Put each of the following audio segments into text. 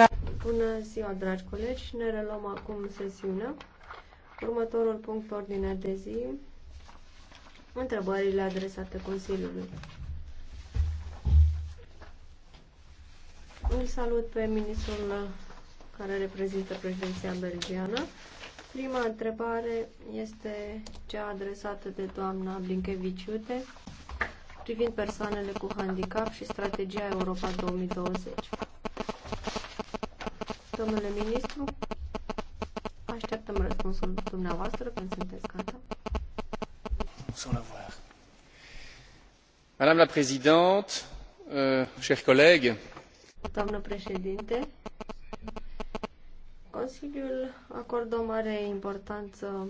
Da. Bună ziua, dragi colegi. Ne reluăm acum sesiunea. Următorul punct pe ordinea de zi. Întrebările adresate Consiliului. Îl salut pe ministrul care reprezintă președinția belgiană. Prima întrebare este cea adresată de doamna Blinkeviciute privind persoanele cu handicap și strategia Europa 2020. Domnule ministru, așteptăm răspunsul dumneavoastră când sunteți gata. Sans la voir. Madame la Présidente, euh, chers collègues, Doamnă președinte, Consiliul acordă o mare importanță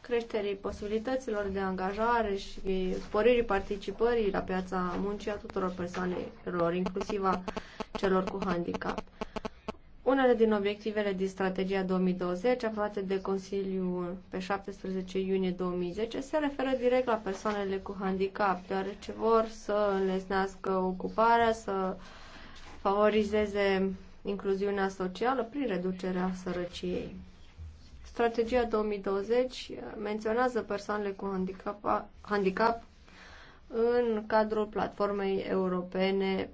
creșterii posibilităților de angajare și sporirii participării la piața muncii a tuturor persoanelor, inclusiv a celor cu handicap. Unele din obiectivele din strategia 2020, aprobate de Consiliul pe 17 iunie 2010, se referă direct la persoanele cu handicap, deoarece vor să înlesnească ocuparea, să favorizeze incluziunea socială prin reducerea sărăciei. Strategia 2020 menționează persoanele cu handicap, handicap în cadrul platformei europene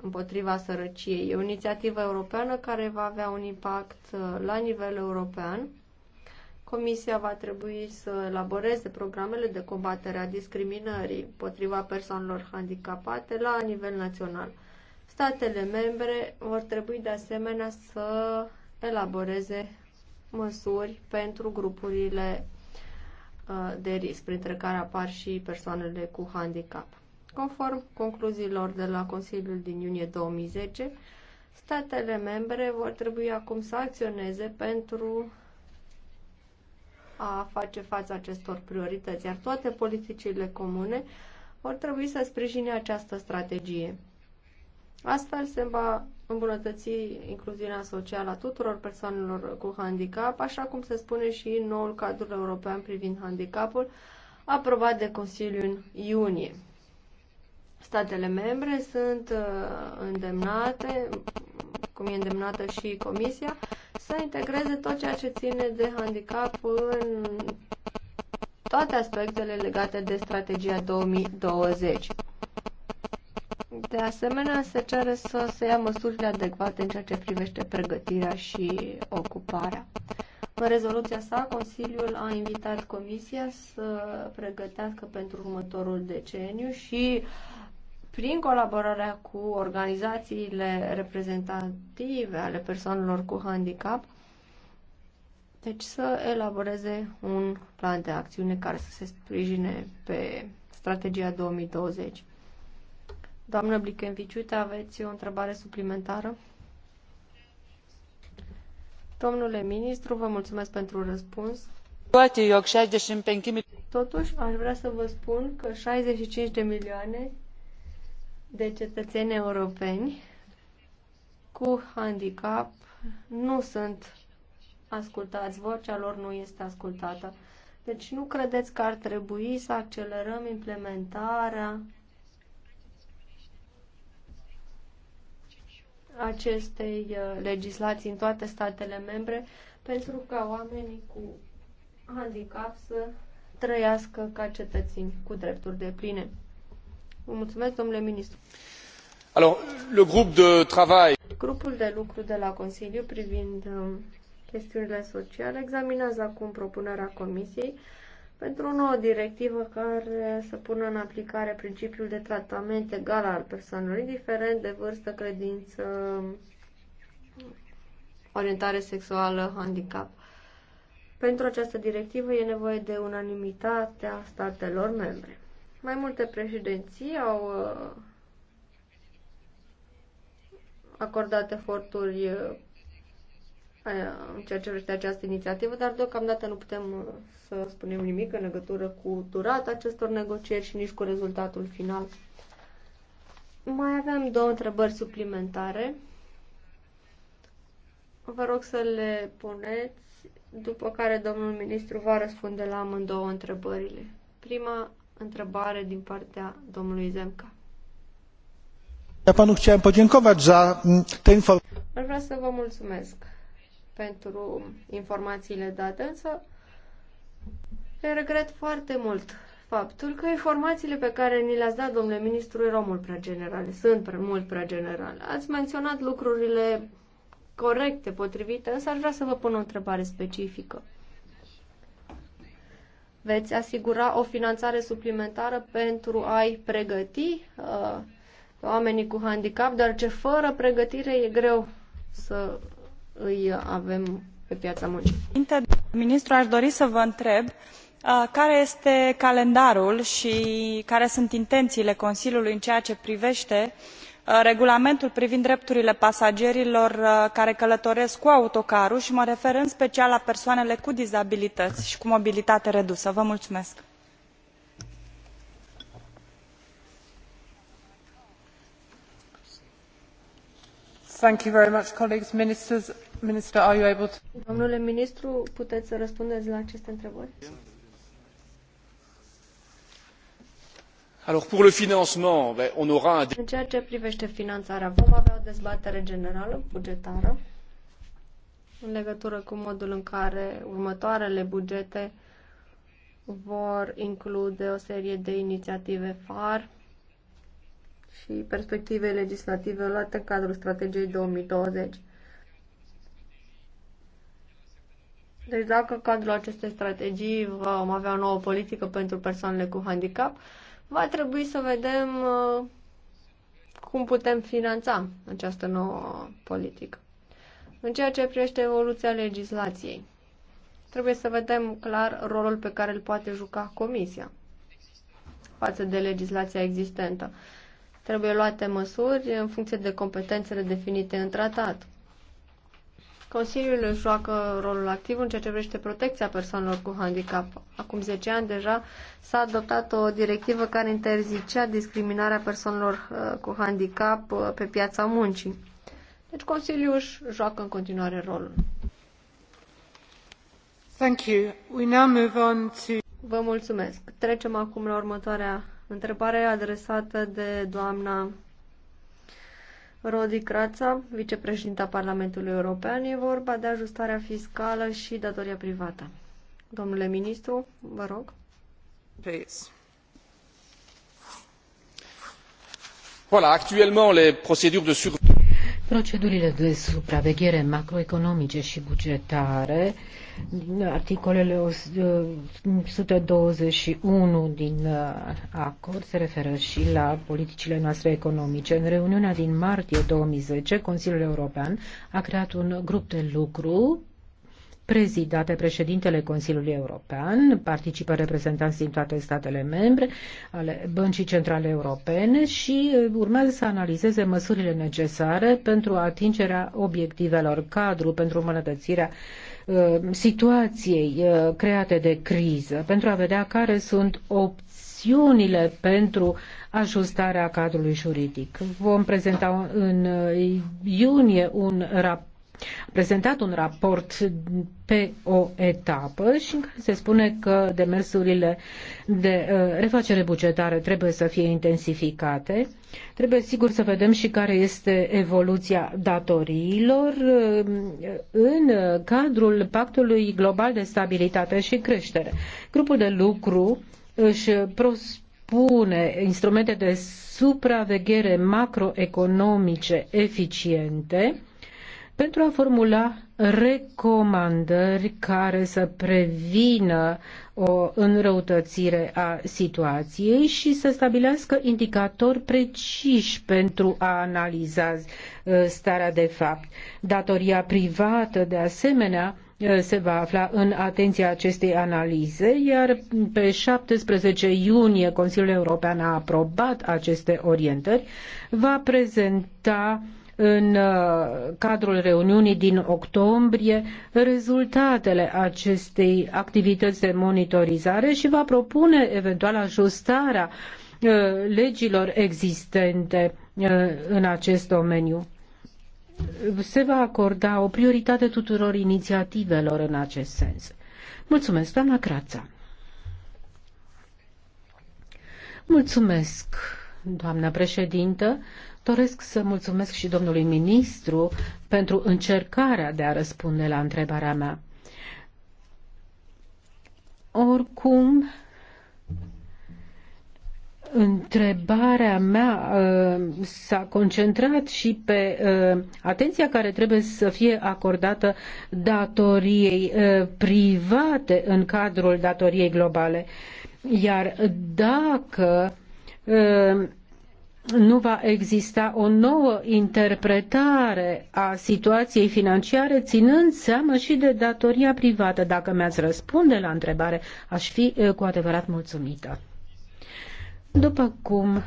împotriva sărăciei. E o inițiativă europeană care va avea un impact uh, la nivel european. Comisia va trebui să elaboreze programele de combatere a discriminării împotriva persoanelor handicapate la nivel național. Statele membre vor trebui de asemenea să elaboreze măsuri pentru grupurile uh, de risc, printre care apar și persoanele cu handicap conform concluziilor de la Consiliul din iunie 2010, statele membre vor trebui acum să acționeze pentru a face față acestor priorități, iar toate politicile comune vor trebui să sprijine această strategie. Astfel se va îmbunătăți incluziunea socială a tuturor persoanelor cu handicap, așa cum se spune și în noul cadru european privind handicapul, aprobat de Consiliu în iunie. Statele membre sunt uh, îndemnate, cum e îndemnată și Comisia, să integreze tot ceea ce ține de handicap în toate aspectele legate de strategia 2020. De asemenea, se cere să se ia măsurile adecvate în ceea ce privește pregătirea și ocuparea. În rezoluția sa, Consiliul a invitat Comisia să pregătească pentru următorul deceniu și uh, prin colaborarea cu organizațiile reprezentative ale persoanelor cu handicap, deci să elaboreze un plan de acțiune care să se sprijine pe strategia 2020. Doamnă Blichencviciute, aveți o întrebare suplimentară? Domnule ministru, vă mulțumesc pentru răspuns. Totuși, aș vrea să vă spun că 65 de milioane de cetățeni europeni cu handicap nu sunt ascultați, vocea lor nu este ascultată. Deci nu credeți că ar trebui să accelerăm implementarea acestei uh, legislații în toate statele membre pentru ca oamenii cu handicap să trăiască ca cetățeni cu drepturi de pline mulțumesc, domnule ministru. Alors, le groupe de travail... Grupul de lucru de la Consiliu privind um, chestiunile sociale examinează acum propunerea Comisiei pentru o nouă directivă care să pună în aplicare principiul de tratament egal al persoanelor, indiferent de vârstă, credință, orientare sexuală, handicap. Pentru această directivă e nevoie de unanimitatea statelor membre. Mai multe președinții au uh, acordat eforturi uh, în ceea ce vrește această inițiativă, dar deocamdată nu putem uh, să spunem nimic în legătură cu durata acestor negocieri și nici cu rezultatul final. Mai avem două întrebări suplimentare. Vă rog să le puneți, după care domnul ministru va răspunde la amândouă întrebările. Prima întrebare din partea domnului Zemca. Ja panu chciałem podziękować za mm, te informacje. Vreau să vă mulțumesc pentru informațiile date, însă regret foarte mult faptul că informațiile pe care ni le-ați dat, domnule ministru, erau mult prea generale, sunt prea, mult prea generale. Ați menționat lucrurile corecte, potrivite, însă aș vrea să vă pun o întrebare specifică veți asigura o finanțare suplimentară pentru a-i pregăti uh, oamenii cu handicap, dar ce fără pregătire e greu să îi avem pe piața muncii. Ministru, aș dori să vă întreb uh, care este calendarul și care sunt intențiile Consiliului în ceea ce privește uh, Uh, regulamentul privind drepturile pasagerilor uh, care călătoresc cu autocarul și mă refer în special la persoanele cu dizabilități și cu mobilitate redusă. vă mulumesc. domnule ministru puteți să răspundeți la aceste întrebări? Alors pour le financement, ben, on aura un... În ceea ce privește finanțarea, vom avea o dezbatere generală bugetară în legătură cu modul în care următoarele bugete vor include o serie de inițiative FAR și perspective legislative luate în cadrul strategiei 2020. Deci dacă în cadrul acestei strategii vom avea o nouă politică pentru persoanele cu handicap, va trebui să vedem uh, cum putem finanța această nouă politică. În ceea ce privește evoluția legislației, trebuie să vedem clar rolul pe care îl poate juca Comisia față de legislația existentă. Trebuie luate măsuri în funcție de competențele definite în tratat. Consiliul joacă rolul activ în ceea ce privește protecția persoanelor cu handicap. Acum 10 ani deja s-a adoptat o directivă care interzicea discriminarea persoanelor uh, cu handicap uh, pe piața muncii. Deci Consiliul își joacă în continuare rolul. Thank you. We now move on to... Vă mulțumesc. Trecem acum la următoarea întrebare adresată de doamna Rodi Crața, vicepreședinta Parlamentului European, e vorba de ajustarea fiscală și datoria privată. Domnule ministru, vă rog. Peace. Voilà, actuellement les procédures de sur Procedurile de supraveghere macroeconomice și bugetare, articolele 121 din uh, acord se referă și la politicile noastre economice. În reuniunea din martie 2010, Consiliul European a creat un grup de lucru prezidate președintele Consiliului European, participă reprezentanți din toate statele membre ale Băncii Centrale Europene și uh, urmează să analizeze măsurile necesare pentru atingerea obiectivelor cadru pentru îmbunătățirea uh, situației uh, create de criză, pentru a vedea care sunt opțiunile pentru ajustarea cadrului juridic. Vom prezenta în iunie un raport a prezentat un raport pe o etapă și în care se spune că demersurile de uh, refacere bugetară trebuie să fie intensificate. Trebuie sigur să vedem și care este evoluția datoriilor uh, în cadrul Pactului Global de Stabilitate și Creștere. Grupul de lucru își propune instrumente de supraveghere macroeconomice eficiente pentru a formula recomandări care să prevină o înrăutățire a situației și să stabilească indicatori preciși pentru a analiza uh, starea de fapt. Datoria privată, de asemenea, uh, se va afla în atenția acestei analize, iar pe 17 iunie Consiliul European a aprobat aceste orientări, va prezenta în uh, cadrul reuniunii din octombrie rezultatele acestei activități de monitorizare și va propune eventual ajustarea uh, legilor existente uh, în acest domeniu. Se va acorda o prioritate tuturor inițiativelor în acest sens. Mulțumesc, doamna Crața. Mulțumesc, doamna președintă. Doresc să mulțumesc și domnului ministru pentru încercarea de a răspunde la întrebarea mea. Oricum, Întrebarea mea uh, s-a concentrat și pe uh, atenția care trebuie să fie acordată datoriei uh, private în cadrul datoriei globale. Iar dacă uh, nu va exista o nouă interpretare a situației financiare, ținând seama și de datoria privată. Dacă mi-ați răspunde la întrebare, aș fi eh, cu adevărat mulțumită. După cum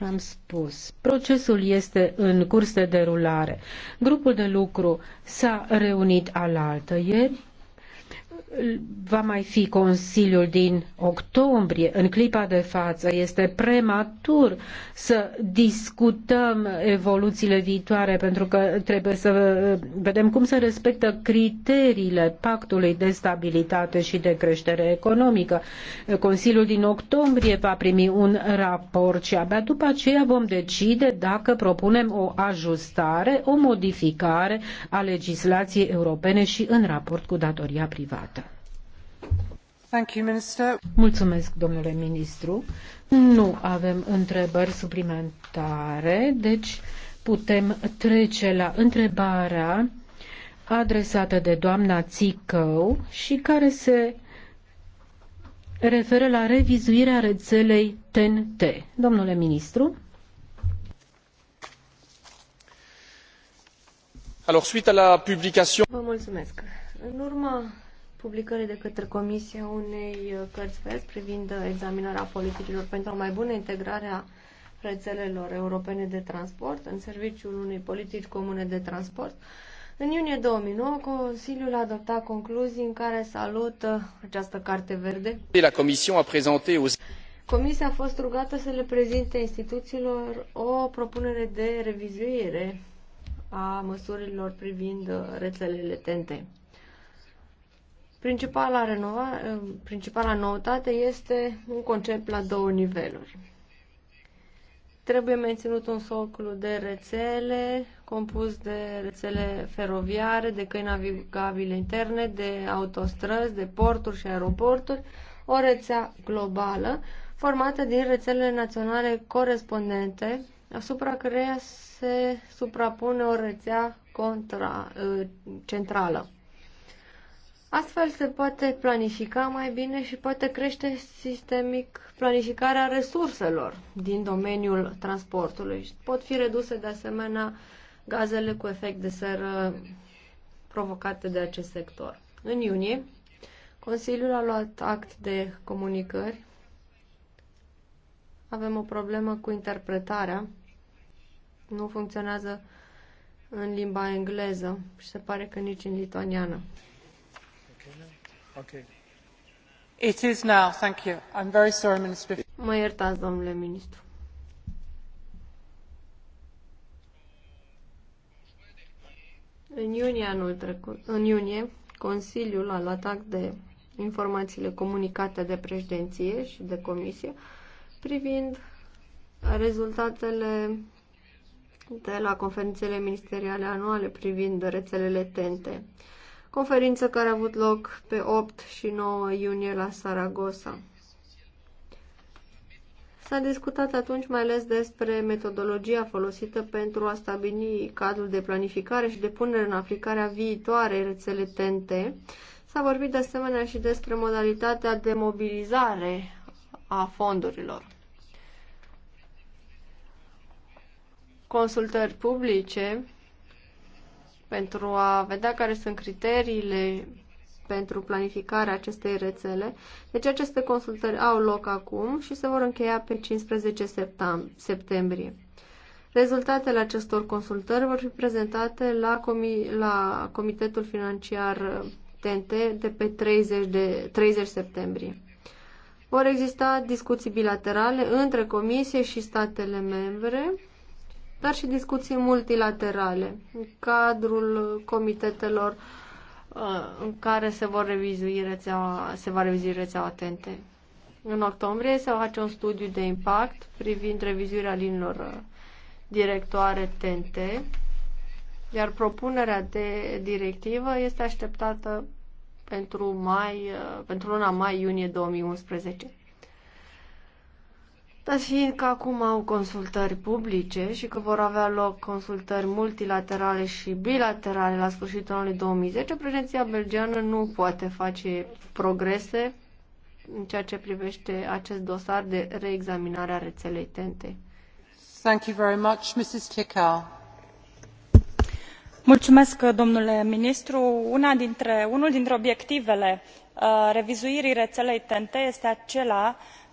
am spus, procesul este în curs de derulare. Grupul de lucru s-a reunit alaltă ieri va mai fi Consiliul din octombrie. În clipa de față este prematur să discutăm evoluțiile viitoare pentru că trebuie să vedem cum se respectă criteriile pactului de stabilitate și de creștere economică. Consiliul din octombrie va primi un raport și abia după aceea vom decide dacă propunem o ajustare, o modificare a legislației europene și în raport cu datoria privată. Mulțumesc, domnule ministru. Nu avem întrebări suplimentare, deci putem trece la întrebarea adresată de doamna Țicău și care se referă la revizuirea rețelei TNT. Domnule ministru. Alors, suite à la publication... Vă mulțumesc. În urmă publicării de către Comisia unei uh, cărți verzi privind uh, examinarea politicilor pentru o mai bună integrare a rețelelor europene de transport în serviciul unei politici comune de transport. În iunie 2009, Consiliul a adoptat concluzii în care salută uh, această carte verde. La Comisia a prezentat Comisia a fost rugată să le prezinte instituțiilor o propunere de revizuire a măsurilor privind rețelele tente. Principala, renova, eh, principala noutate este un concept la două niveluri. Trebuie menținut un soclu de rețele compus de rețele feroviare, de căi navigabile interne, de autostrăzi, de porturi și aeroporturi, o rețea globală formată din rețelele naționale corespondente, asupra căreia se suprapune o rețea contra, eh, centrală. Astfel se poate planifica mai bine și poate crește sistemic planificarea resurselor din domeniul transportului. Pot fi reduse de asemenea gazele cu efect de seră provocate de acest sector. În iunie, Consiliul a luat act de comunicări. Avem o problemă cu interpretarea. Nu funcționează în limba engleză și se pare că nici în lituaniană. Mă iertați, domnule ministru. În iunie anul trecut, în iunie, Consiliul a luat act de informațiile comunicate de președinție și de comisie privind rezultatele de la conferințele ministeriale anuale privind rețelele TENTE conferință care a avut loc pe 8 și 9 iunie la Saragossa. S-a discutat atunci mai ales despre metodologia folosită pentru a stabili cadrul de planificare și de punere în aplicare a viitoarei rețele TNT. S-a vorbit de asemenea și despre modalitatea de mobilizare a fondurilor. Consultări publice pentru a vedea care sunt criteriile pentru planificarea acestei rețele. Deci aceste consultări au loc acum și se vor încheia pe 15 septembrie. Rezultatele acestor consultări vor fi prezentate la, comi- la Comitetul Financiar TNT de pe 30, de, 30 septembrie. Vor exista discuții bilaterale între Comisie și statele membre dar și discuții multilaterale în cadrul comitetelor uh, în care se, vor revizui rețeaua, se va revizui rețeaua atente. În octombrie se va face un studiu de impact privind revizuirea linilor uh, directoare TNT, iar propunerea de directivă este așteptată pentru, mai, uh, pentru luna mai-iunie 2011. Dar fiind că acum au consultări publice și că vor avea loc consultări multilaterale și bilaterale la sfârșitul anului 2010, prezenția belgeană nu poate face progrese în ceea ce privește acest dosar de reexaminare a rețelei tente. Thank you very much, Mrs. Tickau. Mulțumesc, domnule ministru. Una dintre, unul dintre obiectivele uh, revizuirii rețelei TNT este acela uh,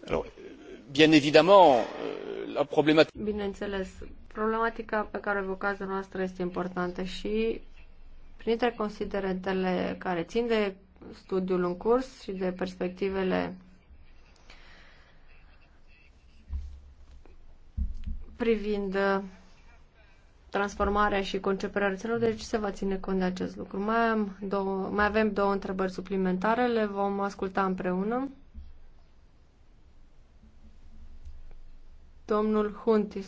Euh, bineînțeles problematica pe care o evocai dumneavoastră este importantă și printre considerentele care in de studiul în curs și de perspectivele privind transformarea și conceperea rețelelor, deci se va ține cont de acest lucru. Mai, am două, mai avem două întrebări suplimentare, le vom asculta împreună. Domnul Huntis.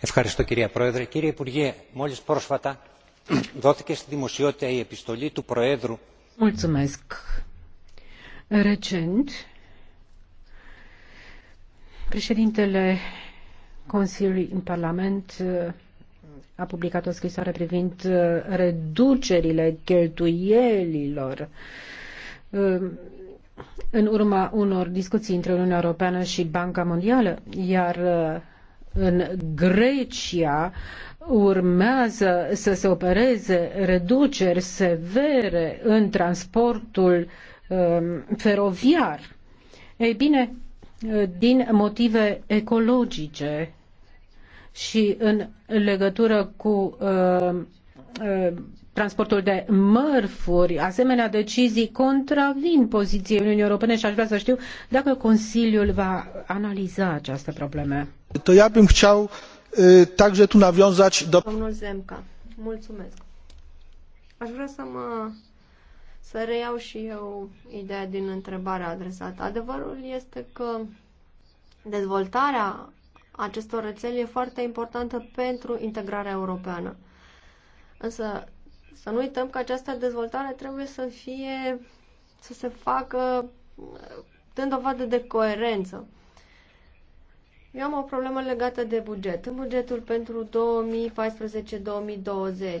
Ευχαριστώ κυρία Πρόεδρε. Κύριε Υπουργέ, μόλις πρόσφατα δόθηκε στη δημοσιότητα η επιστολή του Προέδρου. Mulțumesc. Recent, președintele Consiliul în Parlament uh, a publicat o scrisoare privind uh, reducerile cheltuielilor uh, în urma unor discuții între Uniunea Europeană și Banca Mondială, iar în Grecia urmează să se opereze reduceri severe în transportul um, feroviar. Ei bine, din motive ecologice și în legătură cu uh, uh, transportul de mărfuri, asemenea decizii contravin poziției Uniunii Europene și aș vrea să știu dacă Consiliul va analiza această probleme. To ja bym chciał także tu nawiązać do... Domnul Zemca, mulțumesc. Aș vrea să mă să reiau și eu ideea din întrebarea adresată. Adevărul este că dezvoltarea acestor rețele e foarte importantă pentru integrarea europeană. Însă să nu uităm că această dezvoltare trebuie să fie, să se facă dând dovadă de coerență. Eu am o problemă legată de buget. În bugetul pentru 2014-2020,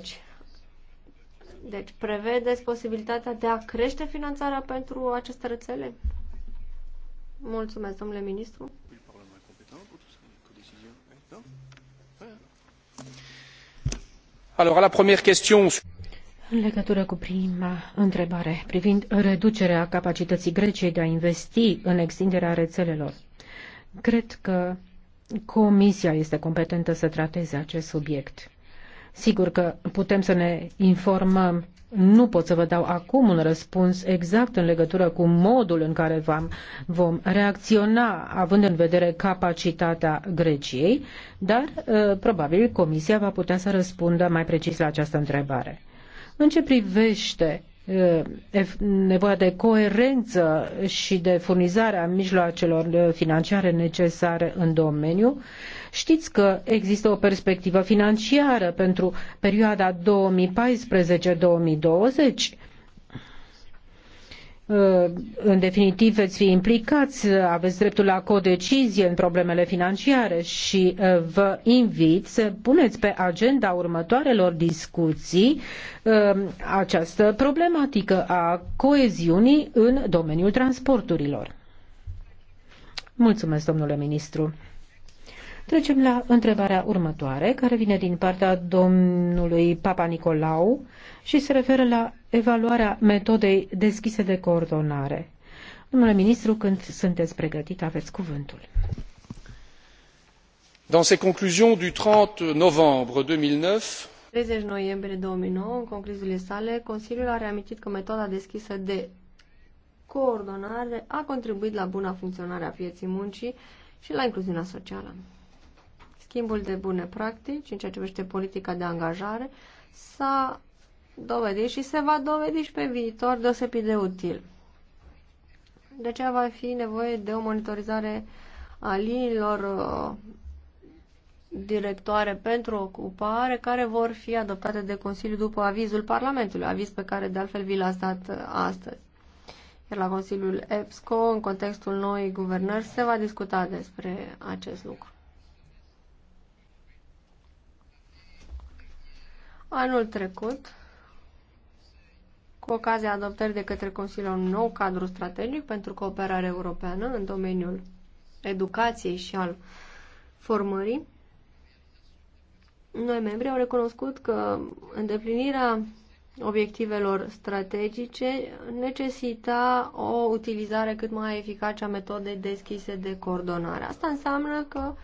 deci prevedeți posibilitatea de a crește finanțarea pentru aceste rețele? Mulțumesc, domnule ministru. În legătură cu prima întrebare privind reducerea capacității Greciei de a investi în extinderea rețelelor, cred că Comisia este competentă să trateze acest subiect. Sigur că putem să ne informăm nu pot să vă dau acum un răspuns exact în legătură cu modul în care vom, vom reacționa, având în vedere capacitatea Greciei, dar uh, probabil Comisia va putea să răspundă mai precis la această întrebare. În ce privește uh, nevoia de coerență și de furnizarea mijloacelor uh, financiare necesare în domeniu, Știți că există o perspectivă financiară pentru perioada 2014-2020 uh, în definitiv veți fi implicați, aveți dreptul la codecizie în problemele financiare și uh, vă invit să puneți pe agenda următoarelor discuții uh, această problematică a coeziunii în domeniul transporturilor. Mulțumesc, domnule ministru. Trecem la întrebarea următoare, care vine din partea domnului Papa Nicolau și se referă la evaluarea metodei deschise de coordonare. Domnule ministru, când sunteți pregătit, aveți cuvântul. Dans ses conclusions du 30 novembre 2009, 30 noiembrie 2009, în concluziile sale, Consiliul a reamintit că metoda deschisă de coordonare a contribuit la buna funcționare a vieții muncii și la incluziunea socială schimbul de bune practici în ceea ce privește politica de angajare s-a dovedit și se va dovedi și pe viitor deosebit de util. De aceea va fi nevoie de o monitorizare a liniilor uh, directoare pentru ocupare care vor fi adoptate de Consiliu după avizul Parlamentului, aviz pe care de altfel vi l-ați dat uh, astăzi. Iar la Consiliul EPSCO, în contextul noii guvernări, se va discuta despre acest lucru. Anul trecut, cu ocazia adoptării de către Consiliu un nou cadru strategic pentru cooperare europeană în domeniul educației și al formării, noi membri au recunoscut că îndeplinirea obiectivelor strategice necesita o utilizare cât mai eficace a metodei deschise de coordonare. Asta înseamnă că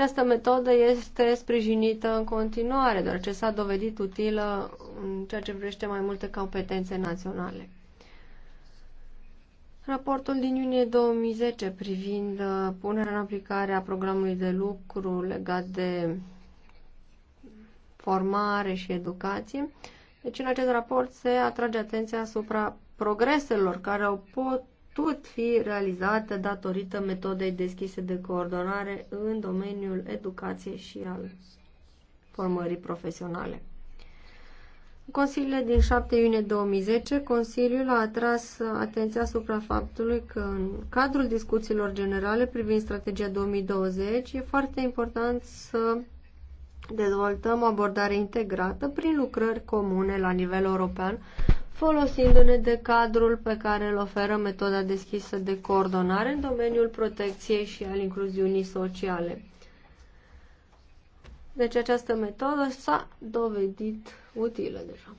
această metodă este sprijinită în continuare, ce s-a dovedit utilă în ceea ce privește mai multe competențe naționale. Raportul din iunie 2010 privind uh, punerea în aplicare a programului de lucru legat de formare și educație. Deci în acest raport se atrage atenția asupra progreselor care au, pot, putut fi realizate datorită metodei deschise de coordonare în domeniul educației și al formării profesionale. În consiliile din 7 iunie 2010, Consiliul a atras atenția asupra faptului că în cadrul discuțiilor generale privind strategia 2020 e foarte important să dezvoltăm o abordare integrată prin lucrări comune la nivel european folosindu-ne de cadrul pe care îl oferă metoda deschisă de coordonare în domeniul protecției și al incluziunii sociale. Deci această metodă s-a dovedit utilă deja.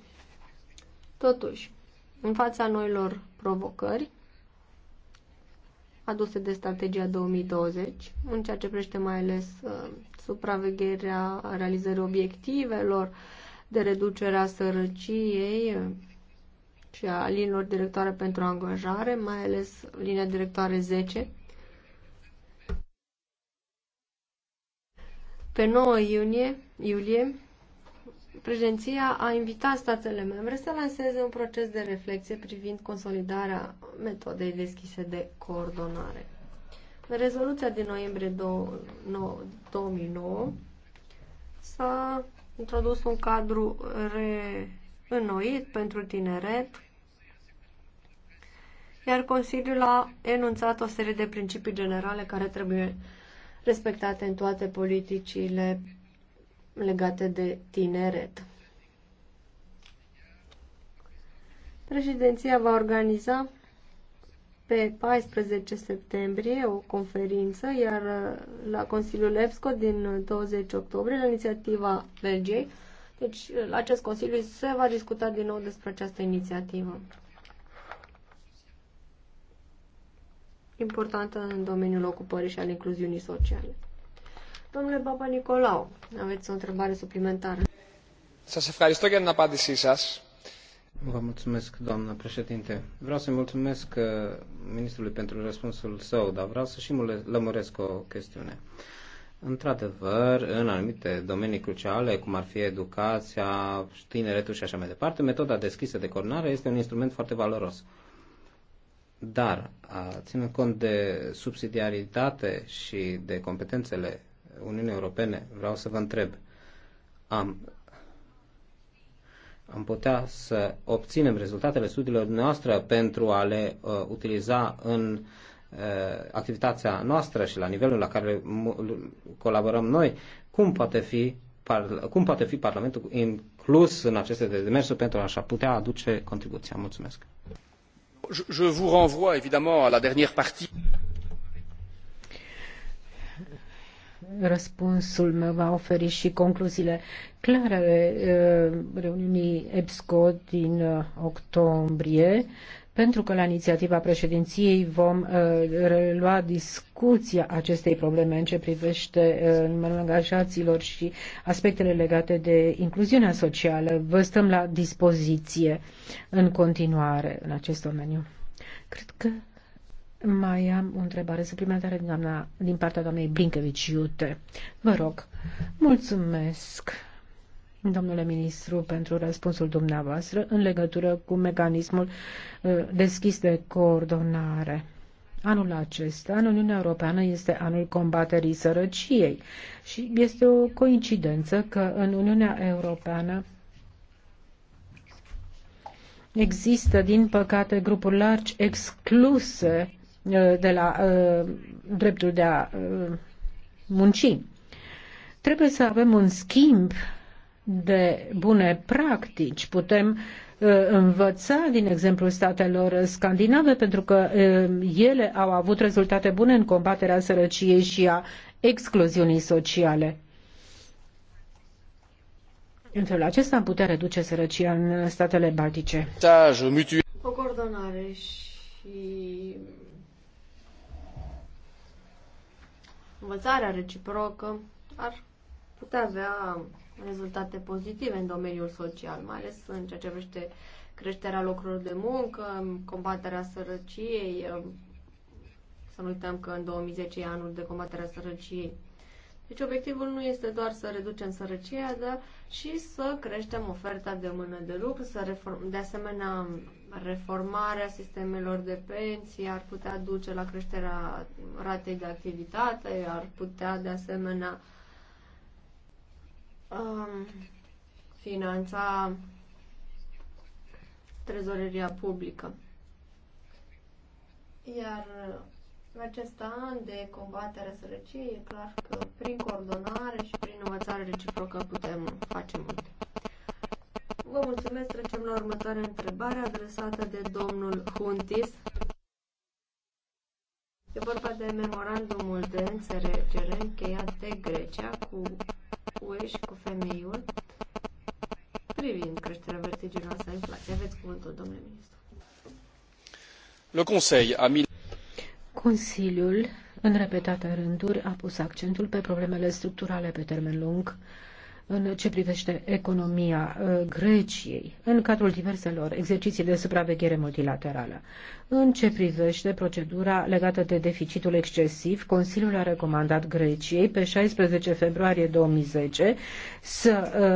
Totuși, în fața noilor provocări aduse de strategia 2020, în ceea ce prește mai ales uh, supravegherea realizării obiectivelor de reducerea sărăciei, uh, și a linilor directoare pentru angajare, mai ales linia directoare 10. Pe 9 iunie, iulie, președinția a invitat statele membre să lanseze un proces de reflexie privind consolidarea metodei deschise de coordonare. În rezoluția din noiembrie 2009 s-a introdus un cadru re înnoit pentru tineret, iar Consiliul a enunțat o serie de principii generale care trebuie respectate în toate politicile legate de tineret. Președinția va organiza pe 14 septembrie o conferință, iar la Consiliul EPSCO din 20 octombrie, la inițiativa Belgiei, deci, la acest Consiliu se va discuta din nou despre această inițiativă. importantă în domeniul ocupării și al incluziunii sociale. Domnule Papa Nicolau, aveți o întrebare suplimentară. Să se ευχαριστώ în την απάντησή σας. Vă mulțumesc, doamnă președinte. Vreau să-i mulțumesc uh, ministrului pentru răspunsul său, dar vreau să și lămuresc o chestiune. Într-adevăr, în anumite domenii cruciale, cum ar fi educația, tineretul și așa mai departe, metoda deschisă de coordonare este un instrument foarte valoros. Dar, ținând cont de subsidiaritate și de competențele Uniunii Europene, vreau să vă întreb, am, am putea să obținem rezultatele studiilor noastre pentru a le uh, utiliza în uh, Uh, activitatea noastră și la nivelul la care colaborăm noi, cum poate fi, cum poate fi Parlamentul inclus în aceste demersuri pentru a-și putea aduce contribuția. Mulțumesc. Je vous renvoie évidemment à la dernière partie. Răspunsul meu va oferi și concluziile clare uh, reuniunii EBSCO din uh, octombrie pentru că la inițiativa președinției vom uh, relua discuția acestei probleme în ce privește uh, numărul angajaților și aspectele legate de incluziunea socială. Vă stăm la dispoziție în continuare în acest domeniu. Cred că mai am o întrebare suplimentară din, doamna, din partea doamnei Blinkevici Iute. Vă rog, mulțumesc domnule ministru, pentru răspunsul dumneavoastră în legătură cu mecanismul uh, deschis de coordonare. Anul acesta, în Uniunea Europeană, este anul combaterii sărăciei și este o coincidență că în Uniunea Europeană există, din păcate, grupuri largi excluse uh, de la uh, dreptul de a uh, munci. Trebuie să avem un schimb de bune practici. Putem uh, învăța din exemplul statelor scandinave, pentru că uh, ele au avut rezultate bune în combaterea sărăciei și a excluziunii sociale. În felul acesta am putea reduce sărăcia în statele baltice. O coordonare și învățarea reciprocă ar putea avea rezultate pozitive în domeniul social, mai ales în ceea ce privește creșterea locurilor de muncă, combaterea sărăciei. Ehm, să nu uităm că în 2010 e anul de combaterea sărăciei. Deci obiectivul nu este doar să reducem sărăcia, dar și să creștem oferta de mână de lucru, să reform, de asemenea reformarea sistemelor de pensii ar putea duce la creșterea ratei de activitate, ar putea de asemenea um, finanța trezoreria publică. Iar în acest an de combatere a sărăciei, e clar că prin coordonare și prin învățare reciprocă putem face multe. Vă mulțumesc, trecem la următoarea întrebare adresată de domnul Huntis. E vorba de memorandumul de înțelegere încheiat de Grecia cu UE și cu femeiul privind creșterea vertiginoasă a inflației. Aveți cuvântul, domnule ministru. Le Conseil a mil... Consiliul, în repetate rânduri, a pus accentul pe problemele structurale pe termen lung în ce privește economia uh, Greciei în cadrul diverselor exerciții de supraveghere multilaterală. În ce privește procedura legată de deficitul excesiv, Consiliul a recomandat Greciei pe 16 februarie 2010 să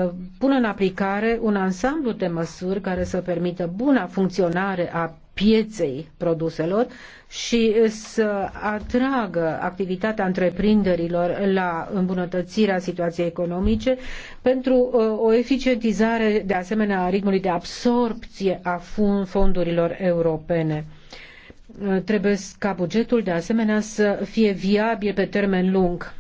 uh, pună în aplicare un ansamblu de măsuri care să permită buna funcționare a pieței produselor și să atragă activitatea întreprinderilor la îmbunătățirea situației economice pentru uh, o eficientizare de asemenea a ritmului de absorpție a fondurilor europene. Uh, trebuie ca bugetul de asemenea să fie viabil pe termen lung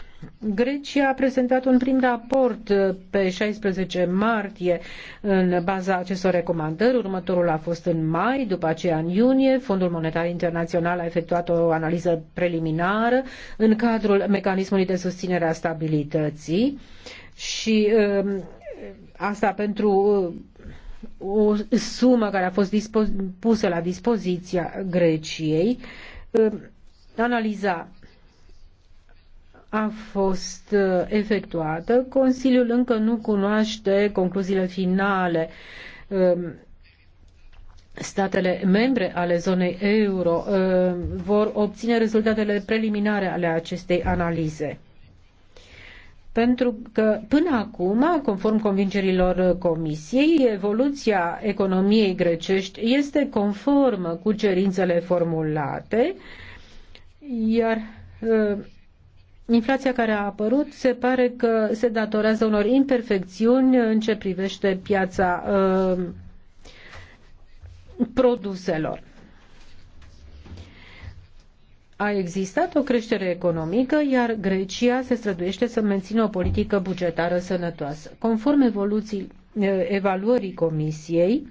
Grecia a prezentat un prim raport uh, pe 16 martie în baza acestor recomandări. Următorul a fost în mai, după aceea în iunie. Fondul Monetar Internațional a efectuat o analiză preliminară în cadrul mecanismului de susținere a stabilității și um, asta pentru uh, o sumă care a fost pusă la dispoziția Greciei. Um, analiza a fost uh, efectuată. Consiliul încă nu cunoaște concluziile finale. Um, statele membre ale zonei euro um, vor obține rezultatele preliminare ale acestei analize pentru că până acum, conform convingerilor Comisiei, evoluția economiei grecești este conformă cu cerințele formulate, iar um, Inflația care a apărut se pare că se datorează unor imperfecțiuni în ce privește piața uh, produselor. A existat o creștere economică, iar Grecia se străduiește să mențină o politică bugetară sănătoasă. Conform evoluții, uh, evaluării Comisiei, uh,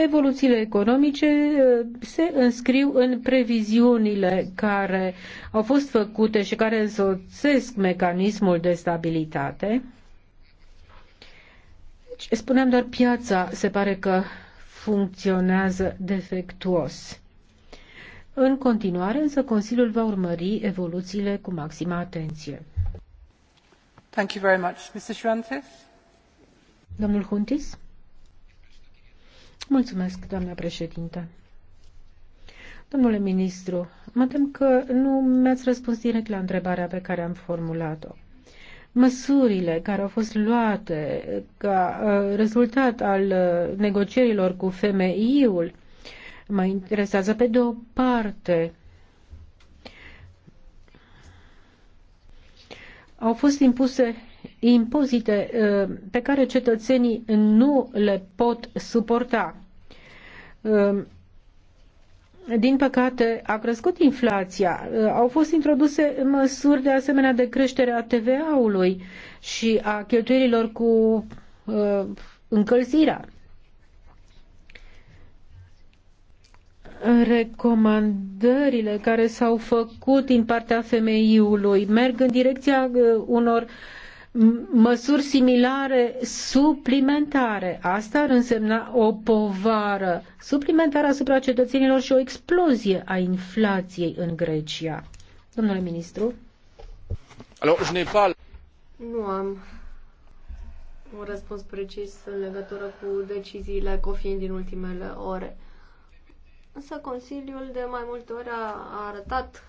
Evoluțiile economice uh, se înscriu în previziunile care au fost făcute și care însoțesc mecanismul de stabilitate. Deci, spuneam doar piața se pare că funcționează defectuos. În continuare, însă, Consiliul va urmări evoluțiile cu maximă atenție. Thank you very much. Mr. Domnul Huntis? Mulțumesc, doamna președintă. Domnule ministru, mă tem că nu mi-ați răspuns direct la întrebarea pe care am formulat-o. Măsurile care au fost luate ca uh, rezultat al uh, negocierilor cu FMI-ul mă interesează pe de o parte au fost impuse impozite uh, pe care cetățenii nu le pot suporta. Uh, din păcate, a crescut inflația, uh, au fost introduse măsuri de asemenea de creștere a TVA-ului și a cheltuielilor cu încălzirea. Recomandările care s-au făcut din partea femeiului merg în direcția unor uh, măsuri similare suplimentare. Asta ar însemna o povară suplimentară asupra cetățenilor și o explozie a inflației în Grecia. Domnule ministru. Alors, je pas... Nu am un răspuns precis în legătură cu deciziile COFIN din ultimele ore. Însă Consiliul de mai multe ori a arătat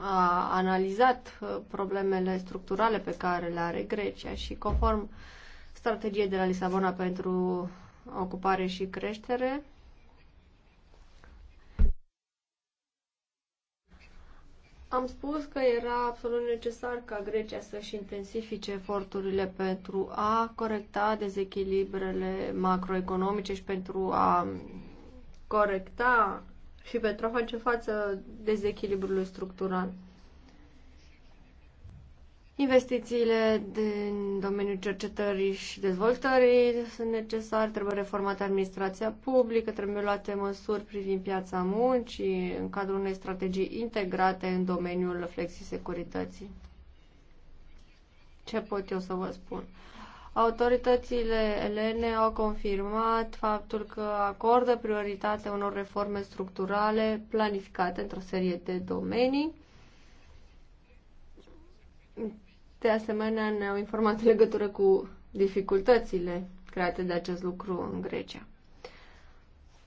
a analizat uh, problemele structurale pe care le are Grecia și conform strategiei de la Lisabona pentru ocupare și creștere, Am spus că era absolut necesar ca Grecia să-și intensifice eforturile pentru a corecta dezechilibrele macroeconomice și pentru a corecta și pentru a face față dezechilibrului structural. Investițiile din domeniul cercetării și dezvoltării sunt necesare, trebuie reformată administrația publică, trebuie luate măsuri privind piața muncii în cadrul unei strategii integrate în domeniul flexisecurității. Ce pot eu să vă spun? autoritățile elene au confirmat faptul că acordă prioritate unor reforme structurale planificate într-o serie de domenii. De asemenea, ne-au informat în legătură cu dificultățile create de acest lucru în Grecia.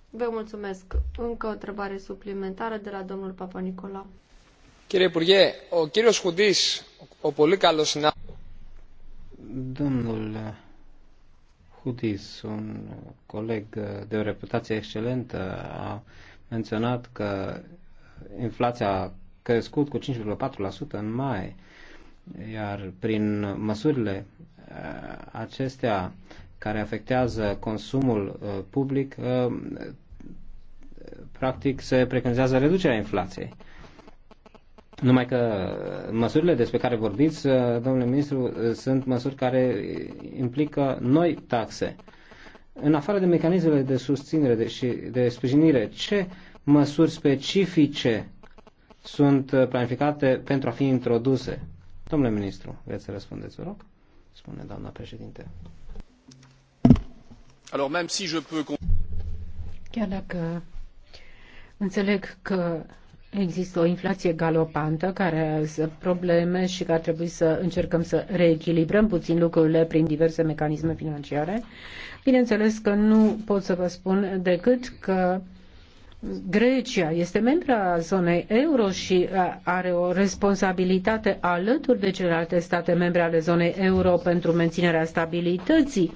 Vă mulțumesc. Încă o întrebare suplimentară de la domnul Papa Nicolau. Κύριε Υπουργέ, ο κύριος Χουντής, ο πολύ καλός συνάδελφος, Domnul Hudis, un coleg de o reputație excelentă, a menționat că inflația a crescut cu 5,4% în mai, iar prin măsurile uh, acestea care afectează consumul uh, public, uh, practic se preconizează reducerea inflației. Numai că măsurile despre care vorbiți, uh, domnule ministru, uh, sunt măsuri care implică noi taxe. În afară de mecanismele de susținere și de sprijinire, ce măsuri specifice sunt uh, planificate pentru a fi introduse? Domnule ministru, vreți să răspundeți, vă rog? Spune doamna președinte. Alors, même si je peux... Chiar dacă înțeleg că Există o inflație galopantă care are probleme și că ar trebui să încercăm să reechilibrăm puțin lucrurile prin diverse mecanisme financiare. Bineînțeles că nu pot să vă spun decât că Grecia este membra a zonei euro și are o responsabilitate alături de celelalte state membre ale zonei euro pentru menținerea stabilității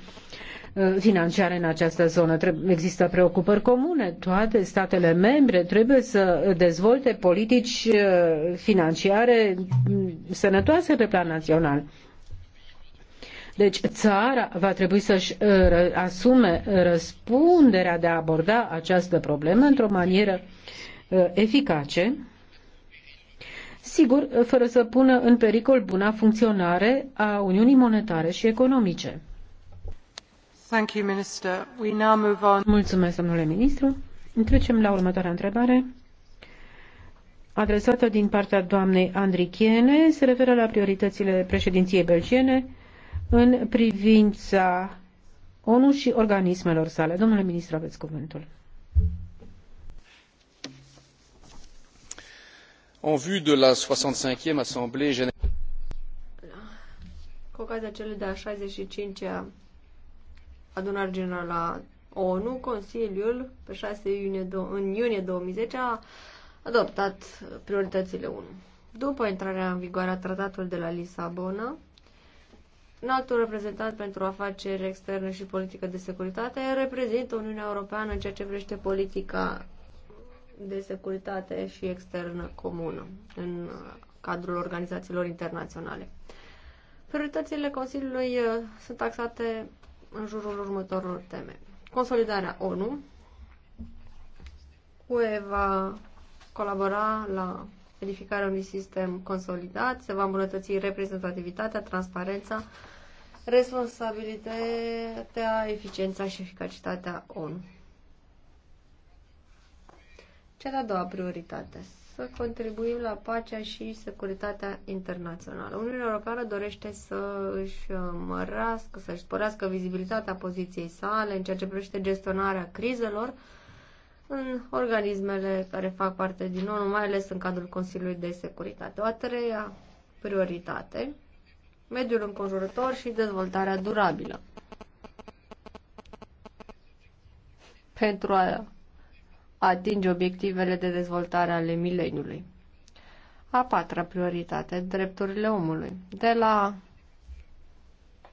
financiare în această zonă. Există preocupări comune. Toate statele membre trebuie să dezvolte politici uh, financiare mm, sănătoase pe plan național. Deci țara va trebui să-și uh, asume răspunderea de a aborda această problemă într-o manieră uh, eficace, sigur, fără să pună în pericol buna funcționare a Uniunii Monetare și Economice. Mulțumesc, domnule ministru. Trecem la următoarea întrebare adresată din partea doamnei Andrichiene se referă la prioritățile președinției belgiene în privința ONU și organismelor sale. Domnule ministru, aveți cuvântul. En vue de la 65e Assemblée Générale cu ocazia celei de-a 65-a adunare generală a ONU, Consiliul, pe 6 iunie, în iunie 2010, a adoptat prioritățile 1. După intrarea în vigoare a tratatului de la Lisabona, altul reprezentant pentru afaceri externe și politică de securitate reprezintă Uniunea Europeană în ceea ce vrește politica de securitate și externă comună în cadrul organizațiilor internaționale. Prioritățile Consiliului uh, sunt taxate în jurul următorilor teme. Consolidarea ONU. UE va colabora la edificarea unui sistem consolidat, se va îmbunătăți reprezentativitatea, transparența, responsabilitatea, eficiența și eficacitatea ONU. Cea de-a doua prioritate, să contribuim la pacea și securitatea internațională. Uniunea Europeană dorește să își uh, mărească, să-și sporească vizibilitatea poziției sale în ceea ce privește gestionarea crizelor în organismele care fac parte din ONU, mai ales în cadrul Consiliului de Securitate. O a treia prioritate, mediul înconjurător și dezvoltarea durabilă. Pentru a atinge obiectivele de dezvoltare ale mileniului. A patra prioritate, drepturile omului. De la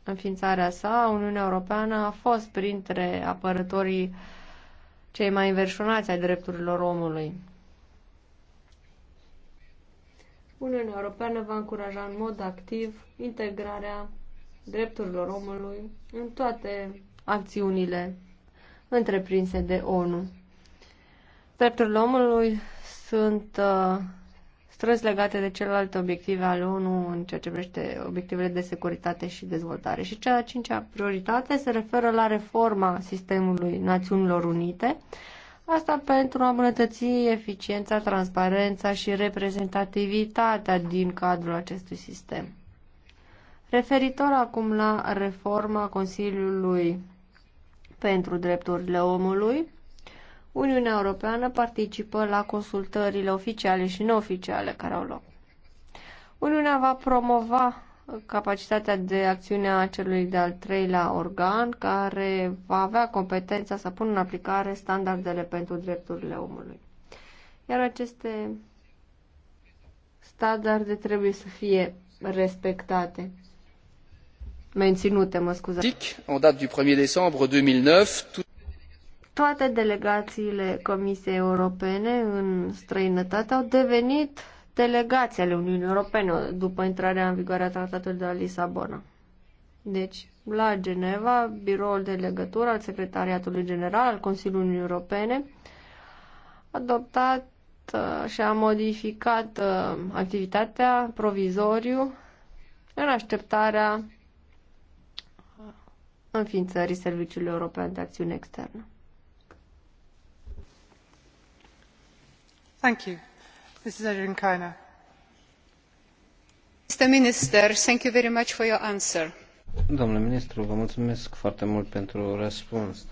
înființarea sa, Uniunea Europeană a fost printre apărătorii cei mai înverșunați ai drepturilor omului. Uniunea Europeană va încuraja în mod activ integrarea drepturilor omului în toate acțiunile întreprinse de ONU. Drepturile omului sunt uh, strâns legate de celelalte obiective ale ONU în ceea ce privește obiectivele de securitate și dezvoltare. Și cea cincea prioritate se referă la reforma sistemului Națiunilor Unite, asta pentru a îmbunătăți eficiența, transparența și reprezentativitatea din cadrul acestui sistem. Referitor acum la reforma Consiliului pentru Drepturile Omului, Uniunea Europeană participă la consultările oficiale și neoficiale care au loc. Uniunea va promova capacitatea de acțiune a celui de-al treilea organ care va avea competența să pună în aplicare standardele pentru drepturile omului. Iar aceste standarde trebuie să fie respectate. Menținute, mă scuzați. En date du 1 decembrie décembre 2009, tout... Toate delegațiile Comisiei Europene în străinătate au devenit delegații ale Uniunii Europene după intrarea în vigoare a Tratatului de la Lisabona. Deci, la Geneva, biroul de legătură al Secretariatului General al Consiliului Uniunii Europene adoptat uh, și a modificat uh, activitatea provizoriu în așteptarea uh, înființării Serviciului European de Acțiune Externă. domnule ministru vă mulțumesc foarte mult pentru răspuns.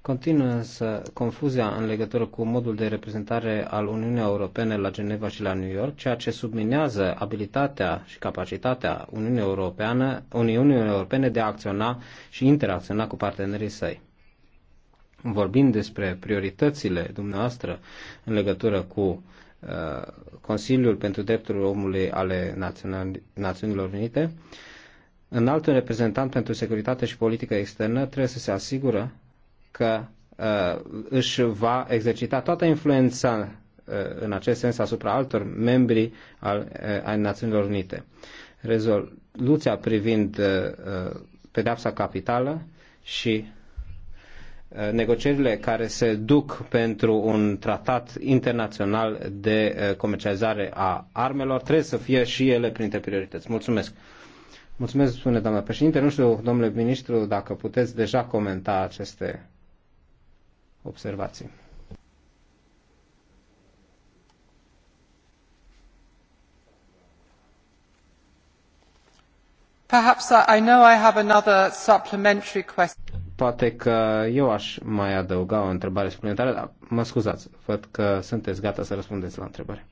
Continuă însă confuzia în legătură cu modul de reprezentare al Uniunii Europene la Geneva și la New York, ceea ce subminează abilitatea și capacitatea Uniunii Europene, Uniunii Europene de a acționa și interacționa cu partenerii săi vorbind despre prioritățile dumneavoastră în legătură cu uh, Consiliul pentru Drepturile Omului ale Națiunilor Unite, în altul reprezentant pentru securitate și politică externă trebuie să se asigură că uh, își va exercita toată influența uh, în acest sens asupra altor membri al, uh, ai Națiunilor Unite. Rezoluția privind uh, uh pedepsa capitală și Uh, negocierile care se duc pentru un tratat internațional de uh, comercializare a armelor trebuie să fie și ele printre priorități. Mulțumesc! Mulțumesc, spune doamna președinte. Nu știu, domnule ministru, dacă puteți deja comenta aceste observații. Perhaps I know I have another supplementary question. Poate că eu aș mai adăuga o întrebare suplimentară, dar mă scuzați, văd că sunteți gata să răspundeți la întrebare.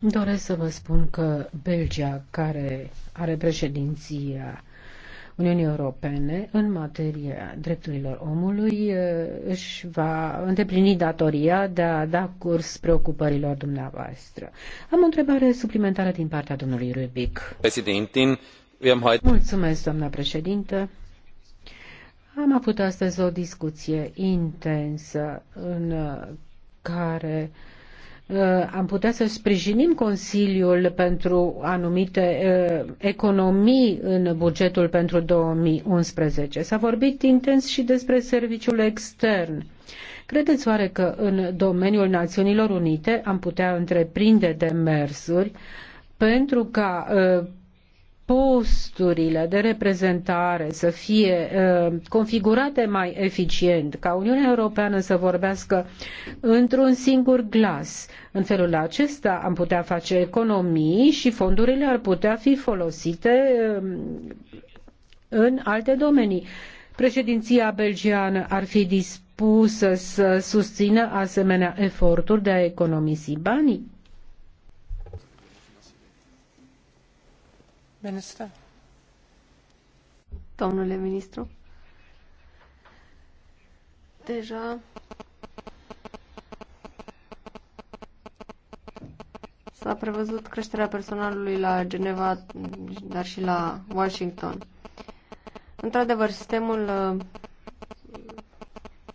Doresc să vă spun că Belgia, care are președinția Uniunii Europene în materie drepturilor omului își va îndeplini datoria de a da curs preocupărilor dumneavoastră. Am o întrebare suplimentară din partea domnului Rubic. Mulțumesc, doamna președintă. Am avut astăzi o discuție intensă în care uh, am putea să sprijinim Consiliul pentru anumite uh, economii în bugetul pentru 2011. S-a vorbit intens și despre serviciul extern. Credeți oare că în domeniul Națiunilor Unite am putea întreprinde demersuri pentru ca uh, posturile de reprezentare să fie uh, configurate mai eficient, ca Uniunea Europeană să vorbească într-un singur glas. În felul acesta am putea face economii și fondurile ar putea fi folosite um, în alte domenii. Președinția belgiană ar fi dispusă să susțină asemenea eforturi de a economisi banii? Domnule ministru, deja s-a prevăzut creșterea personalului la Geneva, dar și la Washington. Într-adevăr, sistemul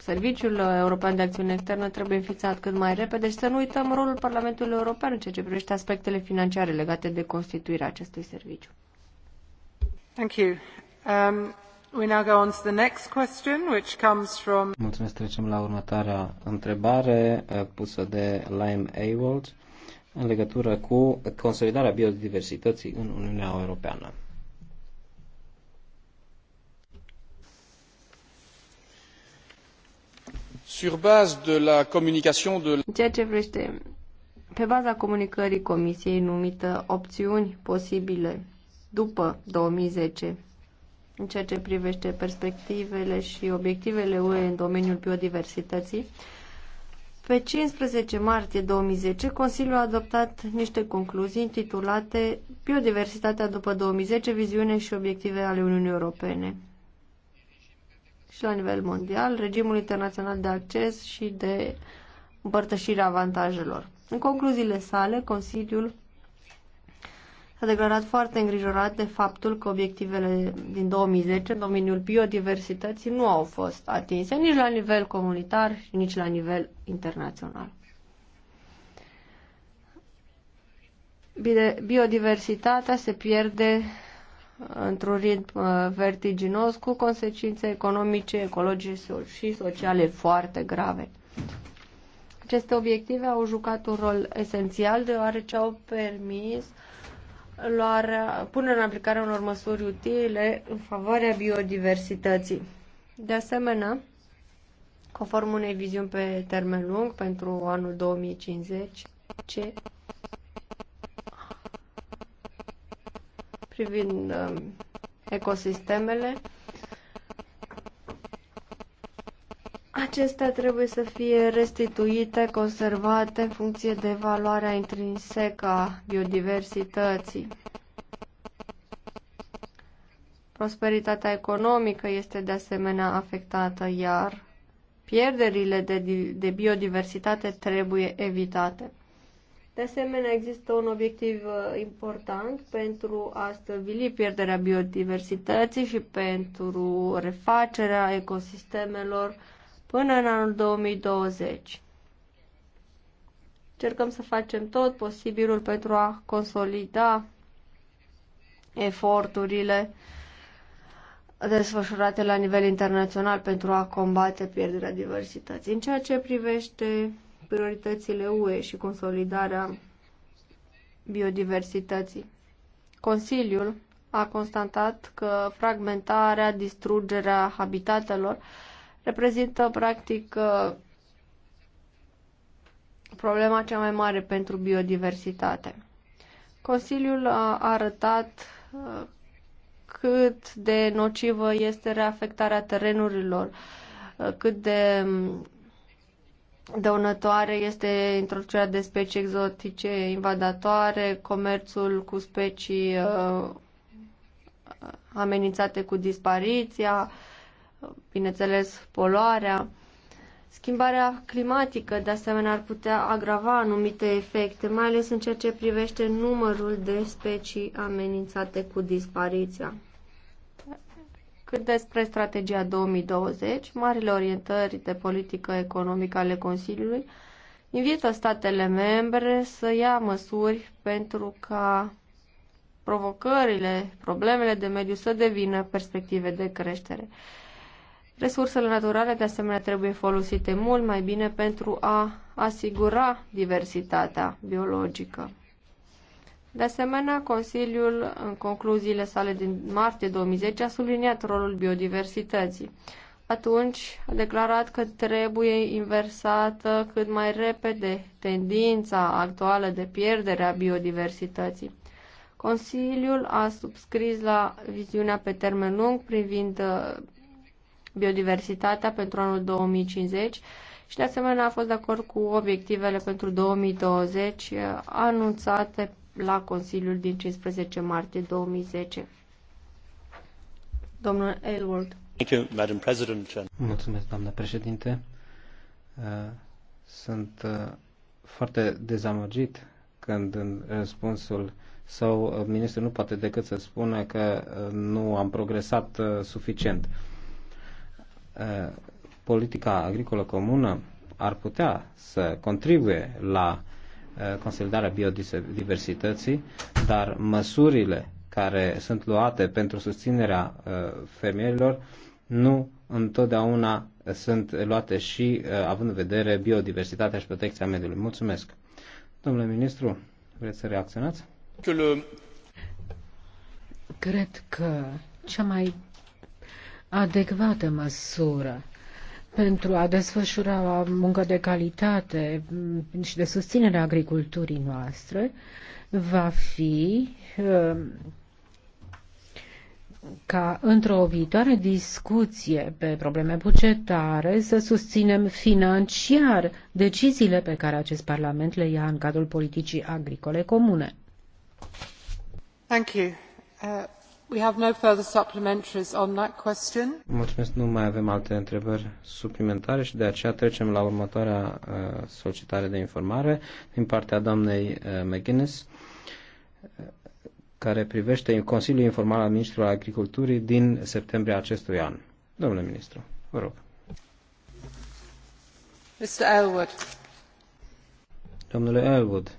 Serviciul European de Acțiune Externă trebuie înființat cât mai repede și să nu uităm rolul Parlamentului European în ceea ce privește aspectele financiare legate de constituirea acestui serviciu. Thank you. Um, we now go on to the next question, which comes from... Mulțumesc, trecem la următoarea întrebare uh, pusă de Lime Ewald în legătură cu consolidarea biodiversității în Uniunea Europeană. sur base de la communication de... Ceea ce vrește, pe baza comunicării Comisiei numită opțiuni posibile după 2010, în ceea ce privește perspectivele și obiectivele UE în domeniul biodiversității, pe 15 martie 2010, Consiliul a adoptat niște concluzii intitulate Biodiversitatea după 2010, viziune și obiective ale Uniunii Europene și la nivel mondial, regimul internațional de acces și de împărtășirea avantajelor. În concluziile sale, Consiliul s-a declarat foarte îngrijorat de faptul că obiectivele din 2010 în domeniul biodiversității nu au fost atinse nici la nivel comunitar și nici la nivel internațional. Biodiversitatea se pierde într-un ritm uh, vertiginos cu consecințe economice, ecologice și sociale foarte grave. Aceste obiective au jucat un rol esențial deoarece au permis luarea, punerea în aplicare unor măsuri utile în favoarea biodiversității. De asemenea, conform unei viziuni pe termen lung pentru anul 2050, ce privind um, ecosistemele. Acestea trebuie să fie restituite, conservate în funcție de valoarea intrinsecă a biodiversității. Prosperitatea economică este de asemenea afectată, iar pierderile de, de biodiversitate trebuie evitate. De asemenea, există un obiectiv uh, important pentru a stăvili pierderea biodiversității și pentru refacerea ecosistemelor până în anul 2020. Cercăm să facem tot posibilul pentru a consolida eforturile desfășurate la nivel internațional pentru a combate pierderea diversității. În ceea ce privește prioritățile UE și consolidarea biodiversității. Consiliul a constatat că fragmentarea, distrugerea habitatelor reprezintă practic uh, problema cea mai mare pentru biodiversitate. Consiliul a arătat uh, cât de nocivă este reafectarea terenurilor, uh, cât de dăunătoare este introducerea de specii exotice invadatoare, comerțul cu specii uh, amenințate cu dispariția, bineînțeles poluarea. Schimbarea climatică, de asemenea, ar putea agrava anumite efecte, mai ales în ceea ce privește numărul de specii amenințate cu dispariția. Cât despre strategia 2020, marile orientări de politică economică ale Consiliului invită statele membre să ia măsuri pentru ca provocările, problemele de mediu să devină perspective de creștere. Resursele naturale, de asemenea, trebuie folosite mult mai bine pentru a asigura diversitatea biologică. De asemenea, Consiliul, în concluziile sale din martie 2010, a subliniat rolul biodiversității. Atunci a declarat că trebuie inversată cât mai repede tendința actuală de pierdere a biodiversității. Consiliul a subscris la viziunea pe termen lung privind uh, biodiversitatea pentru anul 2050 și de asemenea a fost de acord cu obiectivele pentru 2020 uh, anunțate la Consiliul din 15 martie 2010. Domnul Elwood. Mulțumesc, doamnă președinte. Uh, sunt uh, foarte dezamăgit când în răspunsul sau uh, ministrul nu poate decât să spună că nu am progresat suficient. Politica agricolă comună ar putea să contribuie la Eh, consolidarea biodiversității, dar măsurile care sunt luate pentru susținerea eh, fermierilor nu întotdeauna sunt luate și eh, având în vedere biodiversitatea și protecția mediului. Mulțumesc. Domnule ministru, vreți să reacționați? Cred că cea mai adecvată măsură pentru a desfășura muncă de calitate și de susținere a agriculturii noastre va fi um, ca într-o viitoare discuție pe probleme bugetare să susținem financiar deciziile pe care acest Parlament le ia în cadrul politicii agricole comune. Thank you. Uh... We have no further on that question. Mulțumesc, nu mai avem alte întrebări suplimentare și de aceea trecem la următoarea uh, solicitare de informare din partea doamnei uh, McGuinness uh, care privește Consiliul Informal al Ministrului Agriculturii din septembrie acestui an. Domnule ministru, vă rog. Mr. Elwood. Domnule Elwood.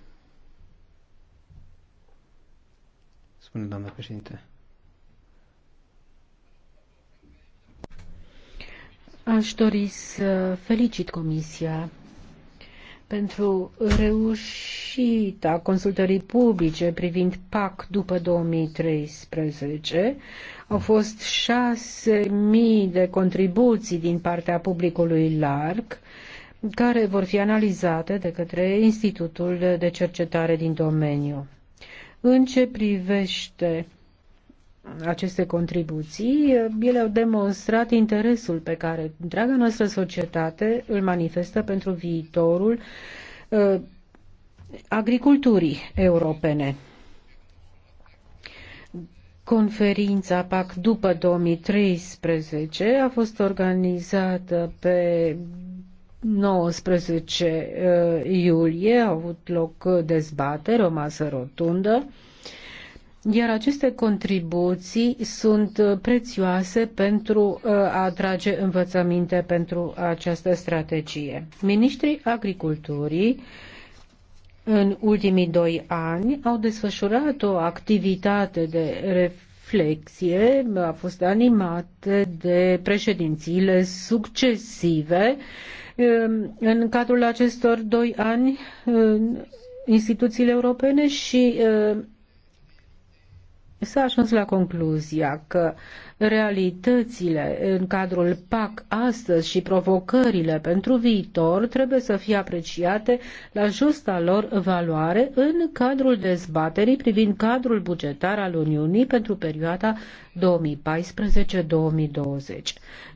Spune, doamna președinte. Aș dori să felicit Comisia pentru reușita consultării publice privind PAC după 2013. Au fost 6.000 de contribuții din partea publicului larg care vor fi analizate de către Institutul de Cercetare din domeniu. În ce privește aceste contribuții, ele au demonstrat interesul pe care întreaga noastră societate îl manifestă pentru viitorul uh, agriculturii europene. Conferința PAC după 2013 a fost organizată pe 19 uh, iulie, au avut loc dezbatere, o masă rotundă, iar aceste contribuții sunt uh, prețioase pentru uh, a atrage învățăminte pentru această strategie. Ministrii agriculturii în ultimii doi ani au desfășurat o activitate de reflexie, a fost animată de președințiile succesive. Um, în cadrul acestor doi ani, instituțiile europene și um, s-a ajuns la concluzia că realitățile în cadrul PAC astăzi și provocările pentru viitor trebuie să fie apreciate la justa lor valoare în cadrul dezbaterii privind cadrul bugetar al Uniunii pentru perioada 2014-2020.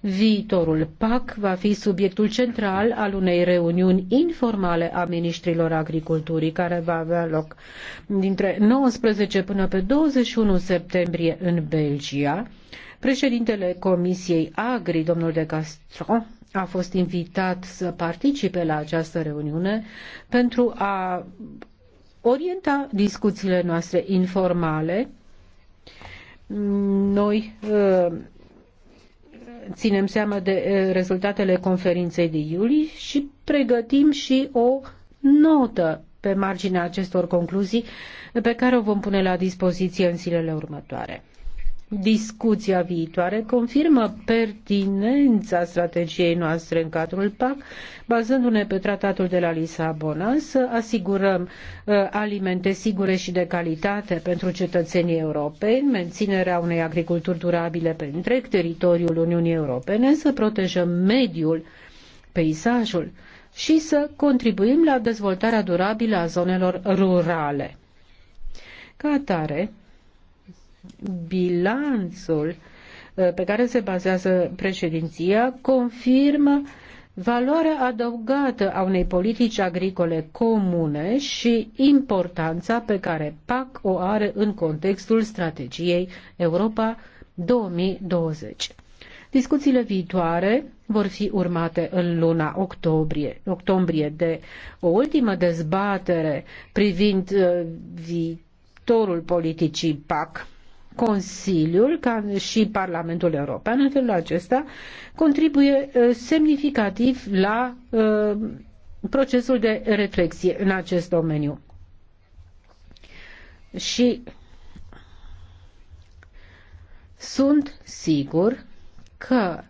Viitorul PAC va fi subiectul central al unei reuniuni informale a ministrilor agriculturii care va avea loc dintre 19 până pe 21 septembrie în Belgia Președintele Comisiei Agri, domnul de Castro, a fost invitat să participe la această reuniune pentru a orienta discuțiile noastre informale. Noi uh, ținem seama de uh, rezultatele conferinței de iulie și pregătim și o notă pe marginea acestor concluzii pe care o vom pune la dispoziție în zilele următoare discuția viitoare confirmă pertinența strategiei noastre în cadrul PAC, bazându-ne pe tratatul de la Lisabona, să asigurăm uh, alimente sigure și de calitate pentru cetățenii europeni, menținerea unei agriculturi durabile pe întreg teritoriul Uniunii Europene, să protejăm mediul, peisajul și să contribuim la dezvoltarea durabilă a zonelor rurale. Ca atare, bilanțul uh, pe care se bazează președinția confirmă valoarea adăugată a unei politici agricole comune și importanța pe care PAC o are în contextul strategiei Europa 2020. Discuțiile viitoare vor fi urmate în luna octombrie, octombrie de o ultimă dezbatere privind uh, viitorul politicii PAC. Consiliul ca și Parlamentul European, în felul acesta, contribuie uh, semnificativ la uh, procesul de reflexie în acest domeniu. Și sunt sigur că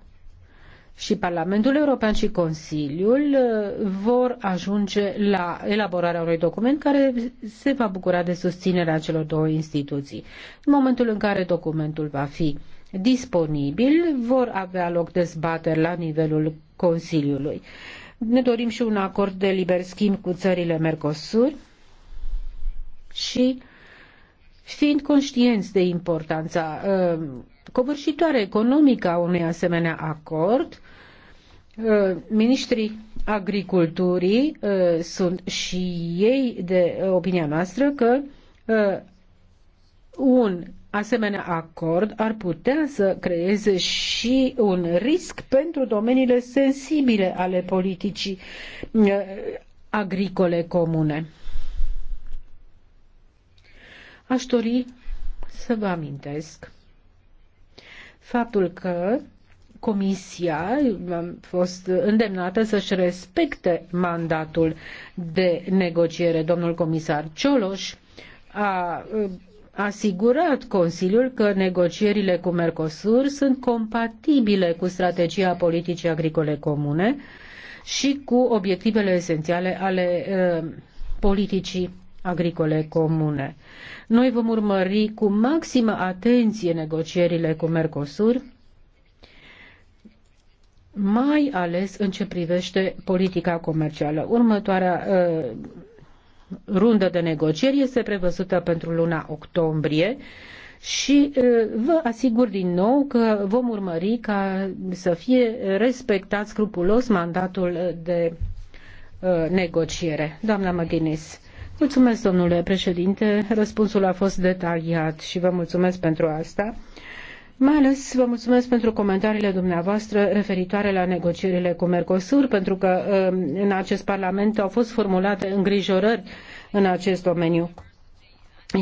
și Parlamentul European și Consiliul uh, vor ajunge la elaborarea unui document care se va bucura de susținerea celor două instituții. În momentul în care documentul va fi disponibil, vor avea loc dezbateri la nivelul Consiliului. Ne dorim și un acord de liber schimb cu țările Mercosur și fiind conștienți de importanța uh, covârșitoare economică a unui asemenea acord, Uh, ministrii agriculturii uh, sunt și ei de opinia noastră că uh, un asemenea acord ar putea să creeze și un risc pentru domeniile sensibile ale politicii agricole comune. Aș dori să vă amintesc faptul că Comisia a fost îndemnată să-și respecte mandatul de negociere. Domnul comisar Cioloș a asigurat Consiliul că negocierile cu Mercosur sunt compatibile cu strategia politicii agricole comune și cu obiectivele esențiale ale uh, politicii agricole comune. Noi vom urmări cu maximă atenție negocierile cu Mercosur mai ales în ce privește politica comercială. Următoarea uh, rundă de negocieri este prevăzută pentru luna octombrie și uh, vă asigur din nou că vom urmări ca să fie respectat scrupulos mandatul de uh, negociere. Doamna Măghinis. Mulțumesc, domnule președinte. Răspunsul a fost detaliat și vă mulțumesc pentru asta. Mai ales vă mulțumesc pentru comentariile dumneavoastră referitoare la negocierile cu Mercosur, pentru că um, în acest Parlament au fost formulate îngrijorări în acest domeniu.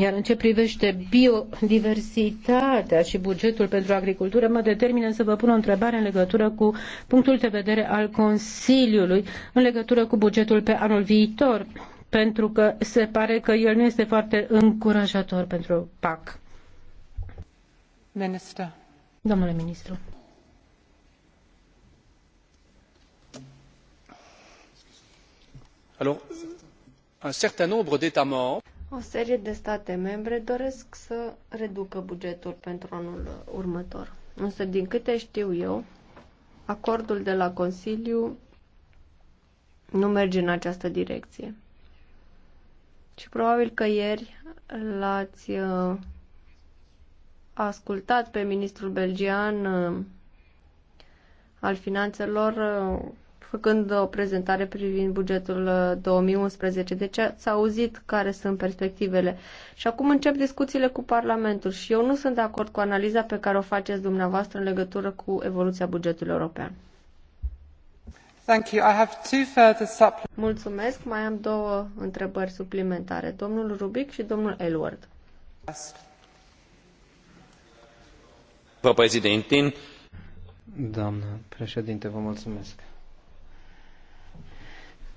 Iar în ce privește biodiversitatea și bugetul pentru agricultură, mă determină să vă pun o întrebare în legătură cu punctul de vedere al Consiliului, în legătură cu bugetul pe anul viitor, pentru că se pare că el nu este foarte încurajator pentru PAC. Domnule ministru. un certain nombre d'états membres o serie de state membre doresc să reducă bugetul pentru anul următor. Însă, din câte știu eu, acordul de la Consiliu nu merge în această direcție. Și probabil că ieri l-ați uh, ascultat pe ministrul belgian uh, al finanțelor uh, făcând o prezentare privind bugetul 2011. Uh, deci s-a auzit care sunt perspectivele. Și acum încep discuțiile cu Parlamentul și eu nu sunt de acord cu analiza pe care o faceți dumneavoastră în legătură cu evoluția bugetului european. Thank you. I have two further Mulțumesc. Mai am două întrebări suplimentare. Domnul Rubic și domnul Elward președinte, vă mulțumesc.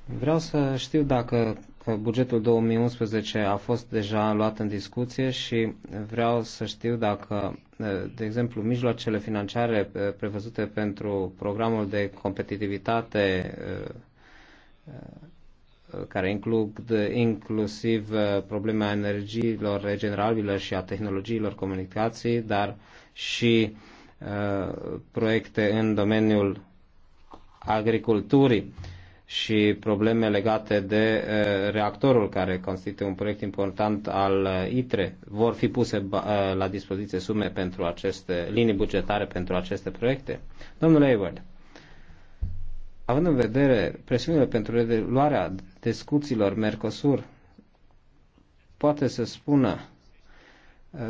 Vreau să știu dacă bugetul 2011 a fost deja luat în discuție și vreau să știu dacă, de exemplu, mijloacele financiare prevăzute pentru programul de competitivitate care includ inclusiv problema energiilor regenerabile și a tehnologiilor comunicații, dar uh, și uh, proiecte în domeniul agriculturii și probleme legate de uh, reactorul care constituie un proiect important al uh, ITRE. Vor fi puse la dispoziție sume pentru aceste linii bugetare pentru aceste proiecte? Domnule Hayward, având în vedere presiunile pentru reluarea discuțiilor Mercosur, poate să spună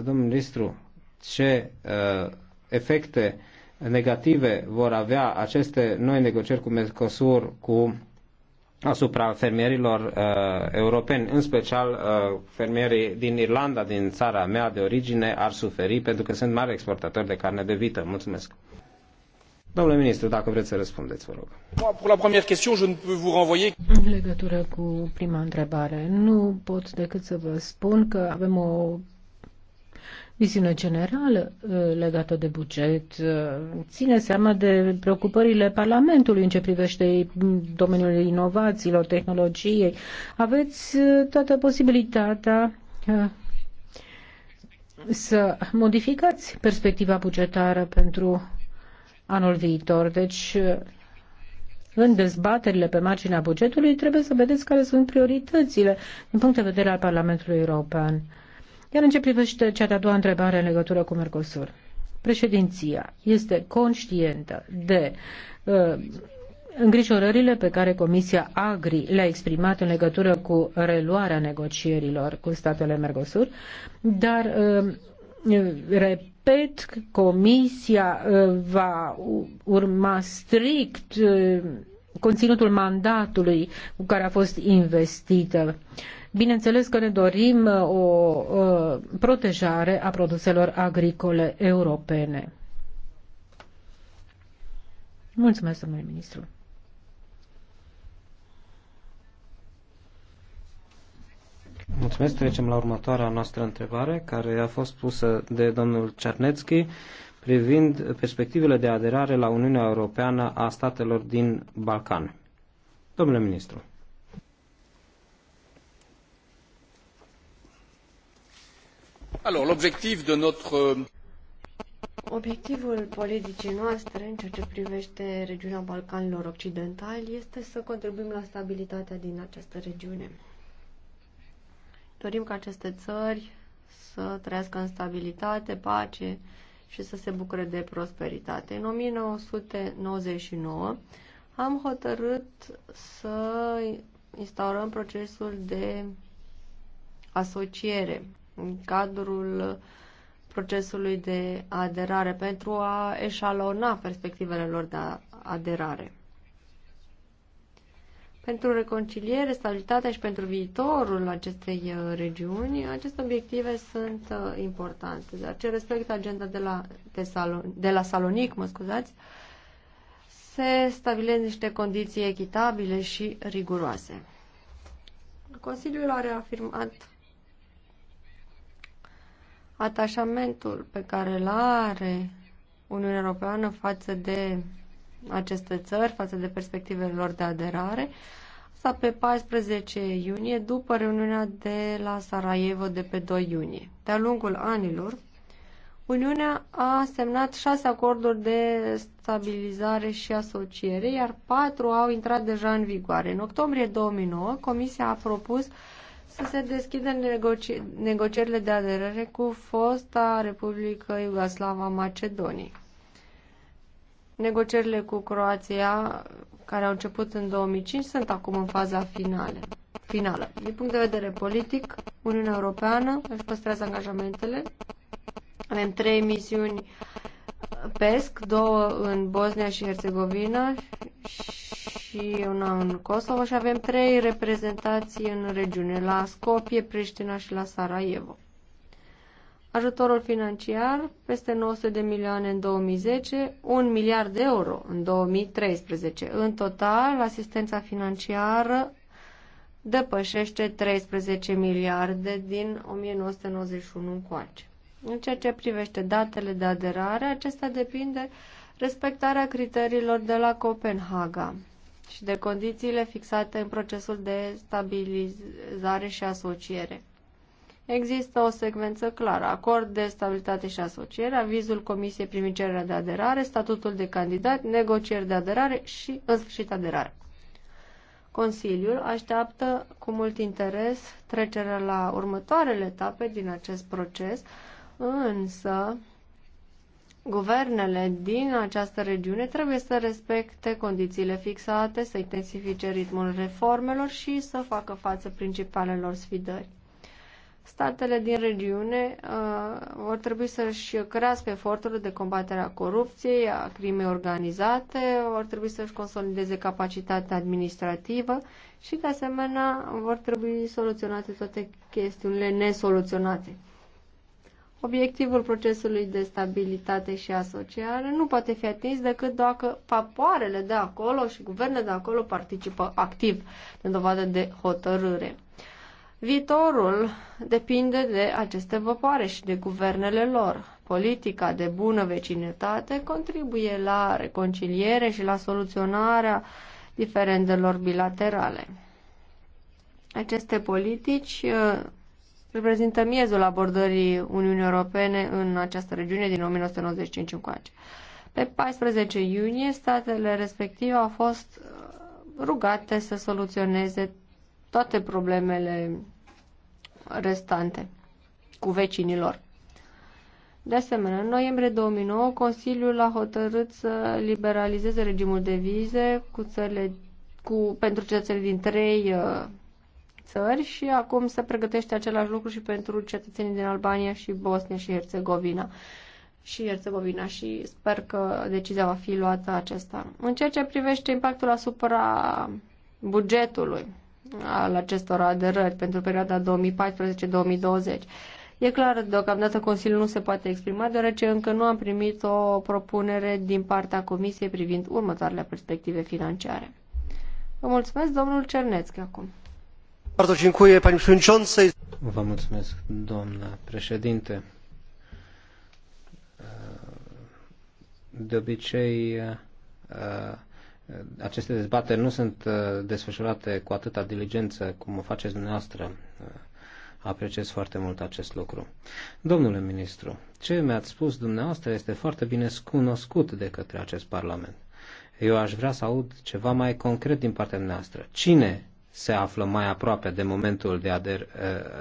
domnul ministru ce uh, efecte negative vor avea aceste noi negocieri cu Mercosur cu asupra fermierilor uh, europeni, în special uh, fermierii din Irlanda, din țara mea de origine, ar suferi pentru că sunt mari exportatori de carne de vită. Mulțumesc. Domnule ministru, dacă vreți să răspundeți, vă rog. În legătură cu prima întrebare, nu pot decât să vă spun că avem o Viziune generală uh, legată de buget uh, ține seama de preocupările Parlamentului în ce privește domeniul inovațiilor, tehnologiei. Aveți uh, toată posibilitatea să modificați perspectiva bugetară pentru anul viitor. Deci, în dezbaterile pe marginea bugetului, trebuie să vedeți care sunt prioritățile din punct de vedere al Parlamentului European. Iar în ce privește cea de-a doua întrebare în legătură cu Mercosur, președinția este conștientă de uh, îngrijorările pe care Comisia Agri le-a exprimat în legătură cu reluarea negocierilor cu statele Mercosur, dar uh, repet, Comisia uh, va urma strict uh, conținutul mandatului cu care a fost investită Bineînțeles că ne dorim uh, o uh, protejare a produselor agricole europene. Mulțumesc, domnule ministru. Mulțumesc. Trecem la următoarea noastră întrebare, care a fost pusă de domnul Cernetski privind perspectivele de aderare la Uniunea Europeană a statelor din Balcan. Domnule ministru. Alors, l'objectif de notre... Euh, Obiectivul politicii noastre în ceea ce privește regiunea Balcanilor Occidentali este să contribuim la stabilitatea din această regiune. Dorim ca aceste țări să trăiască în stabilitate, pace și să se bucure de prosperitate. În 1999 am hotărât să instaurăm procesul de asociere în cadrul procesului de aderare pentru a eșalona perspectivele lor de aderare. Pentru reconciliere, stabilitatea și pentru viitorul acestei uh, regiuni, aceste obiective sunt uh, importante, dar ce respectă agenda de la, de, Salon, de la Salonic, mă scuzați, se stabilesc niște condiții echitabile și riguroase. Consiliul a reafirmat atașamentul pe care îl are Uniunea Europeană față de aceste țări, față de perspectivele lor de aderare. Asta pe 14 iunie, după reuniunea de la Sarajevo de pe 2 iunie. De-a lungul anilor, Uniunea a semnat șase acorduri de stabilizare și asociere, iar patru au intrat deja în vigoare. În octombrie 2009, Comisia a propus uh, să se deschidă negoci- negocierile de aderare cu fosta Republică Iugoslava Macedoniei. Negocierile cu Croația, care au început în 2005, sunt acum în faza finale, finală. Din punct de vedere politic, Uniunea Europeană își păstrează angajamentele avem trei misiuni PESC, două în Bosnia și Herțegovina și una în Kosovo și avem trei reprezentații în regiune, la Skopje, Priștina și la Sarajevo. Ajutorul financiar, peste 900 de milioane în 2010, 1 miliard de euro în 2013. În total, asistența financiară depășește 13 miliarde din 1991 încoace. În ceea ce privește datele de aderare, acesta depinde respectarea criteriilor de la Copenhaga și de condițiile fixate în procesul de stabilizare și asociere. Există o secvență clară, acord de stabilitate și asociere, avizul Comisiei primit cererea de aderare, statutul de candidat, negocieri de aderare și, în sfârșit, aderare. Consiliul așteaptă cu mult interes trecerea la următoarele etape din acest proces, însă guvernele din această regiune trebuie să respecte condițiile fixate, să intensifice ritmul reformelor și să facă față principalelor sfidări statele din regiune uh, vor trebui să-și crească eforturile de combatere a corupției, a crimei organizate, vor trebui să-și consolideze capacitatea administrativă și, de asemenea, vor trebui soluționate toate chestiunile nesoluționate. Obiectivul procesului de stabilitate și asociare nu poate fi atins decât dacă papoarele de acolo și guvernele de acolo participă activ, în dovadă de hotărâre. Viitorul depinde de aceste văpoare și de guvernele lor. Politica de bună vecinătate contribuie la reconciliere și la soluționarea diferendelor bilaterale. Aceste politici reprezintă miezul abordării Uniunii Europene în această regiune din 1995 încoace. Pe 14 iunie, statele respective au fost uh, rugate să soluționeze toate problemele restante cu vecinilor. De asemenea, în noiembrie 2009, Consiliul a hotărât să liberalizeze regimul de vize cu țările, cu, pentru cetățenii din trei uh, țări și acum se pregătește același lucru și pentru cetățenii din Albania și Bosnia și Herțegovina și Herțegovina și sper că decizia va fi luată acesta. În ceea ce privește impactul asupra bugetului al acestor aderări pentru perioada 2014-2020, E clar, deocamdată Consiliul nu se poate exprima, deoarece încă nu am primit o propunere din partea Comisiei privind următoarele perspective financiare. Vă mulțumesc, domnul Cernețchi, acum. Vă mulțumesc, doamna președinte. De obicei, aceste dezbateri nu sunt desfășurate cu atâta diligență cum o faceți dumneavoastră. Apreciez foarte mult acest lucru. Domnule ministru, ce mi-ați spus dumneavoastră este foarte bine cunoscut de către acest Parlament. Eu aș vrea să aud ceva mai concret din partea dumneavoastră. Cine se află mai aproape de momentul de, ader, eh,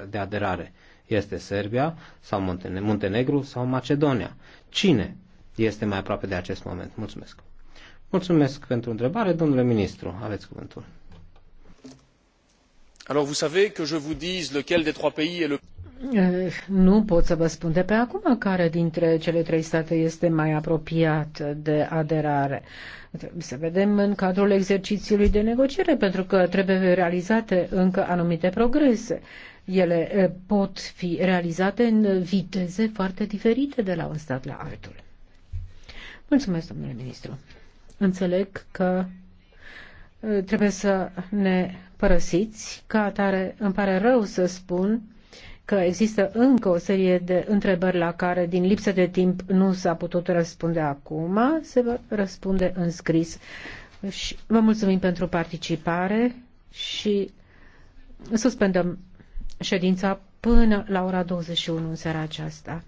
de aderare. Este Serbia sau Muntenegru sau Macedonia? Cine este mai aproape de acest moment? Mulțumesc. Mulțumesc pentru întrebare, domnule ministru. Aveți cuvântul. Alors vous savez que je vous dise lequel des trois pays est le Eh, nu pot să vă spun de pe acum care dintre cele trei state este mai apropiat de aderare. Trebuie să vedem în cadrul exercițiului de negociere, pentru că trebuie realizate încă anumite progrese. Ele eh, pot fi realizate în viteze foarte diferite de la un stat la altul. Mulțumesc, domnule ministru. Înțeleg că eh, trebuie să ne părăsiți, ca atare îmi pare rău să spun că există încă o serie de întrebări la care, din lipsă de timp, nu s-a putut răspunde acum. Se va răspunde în scris. Și vă mulțumim pentru participare și suspendăm ședința până la ora 21 în seara aceasta.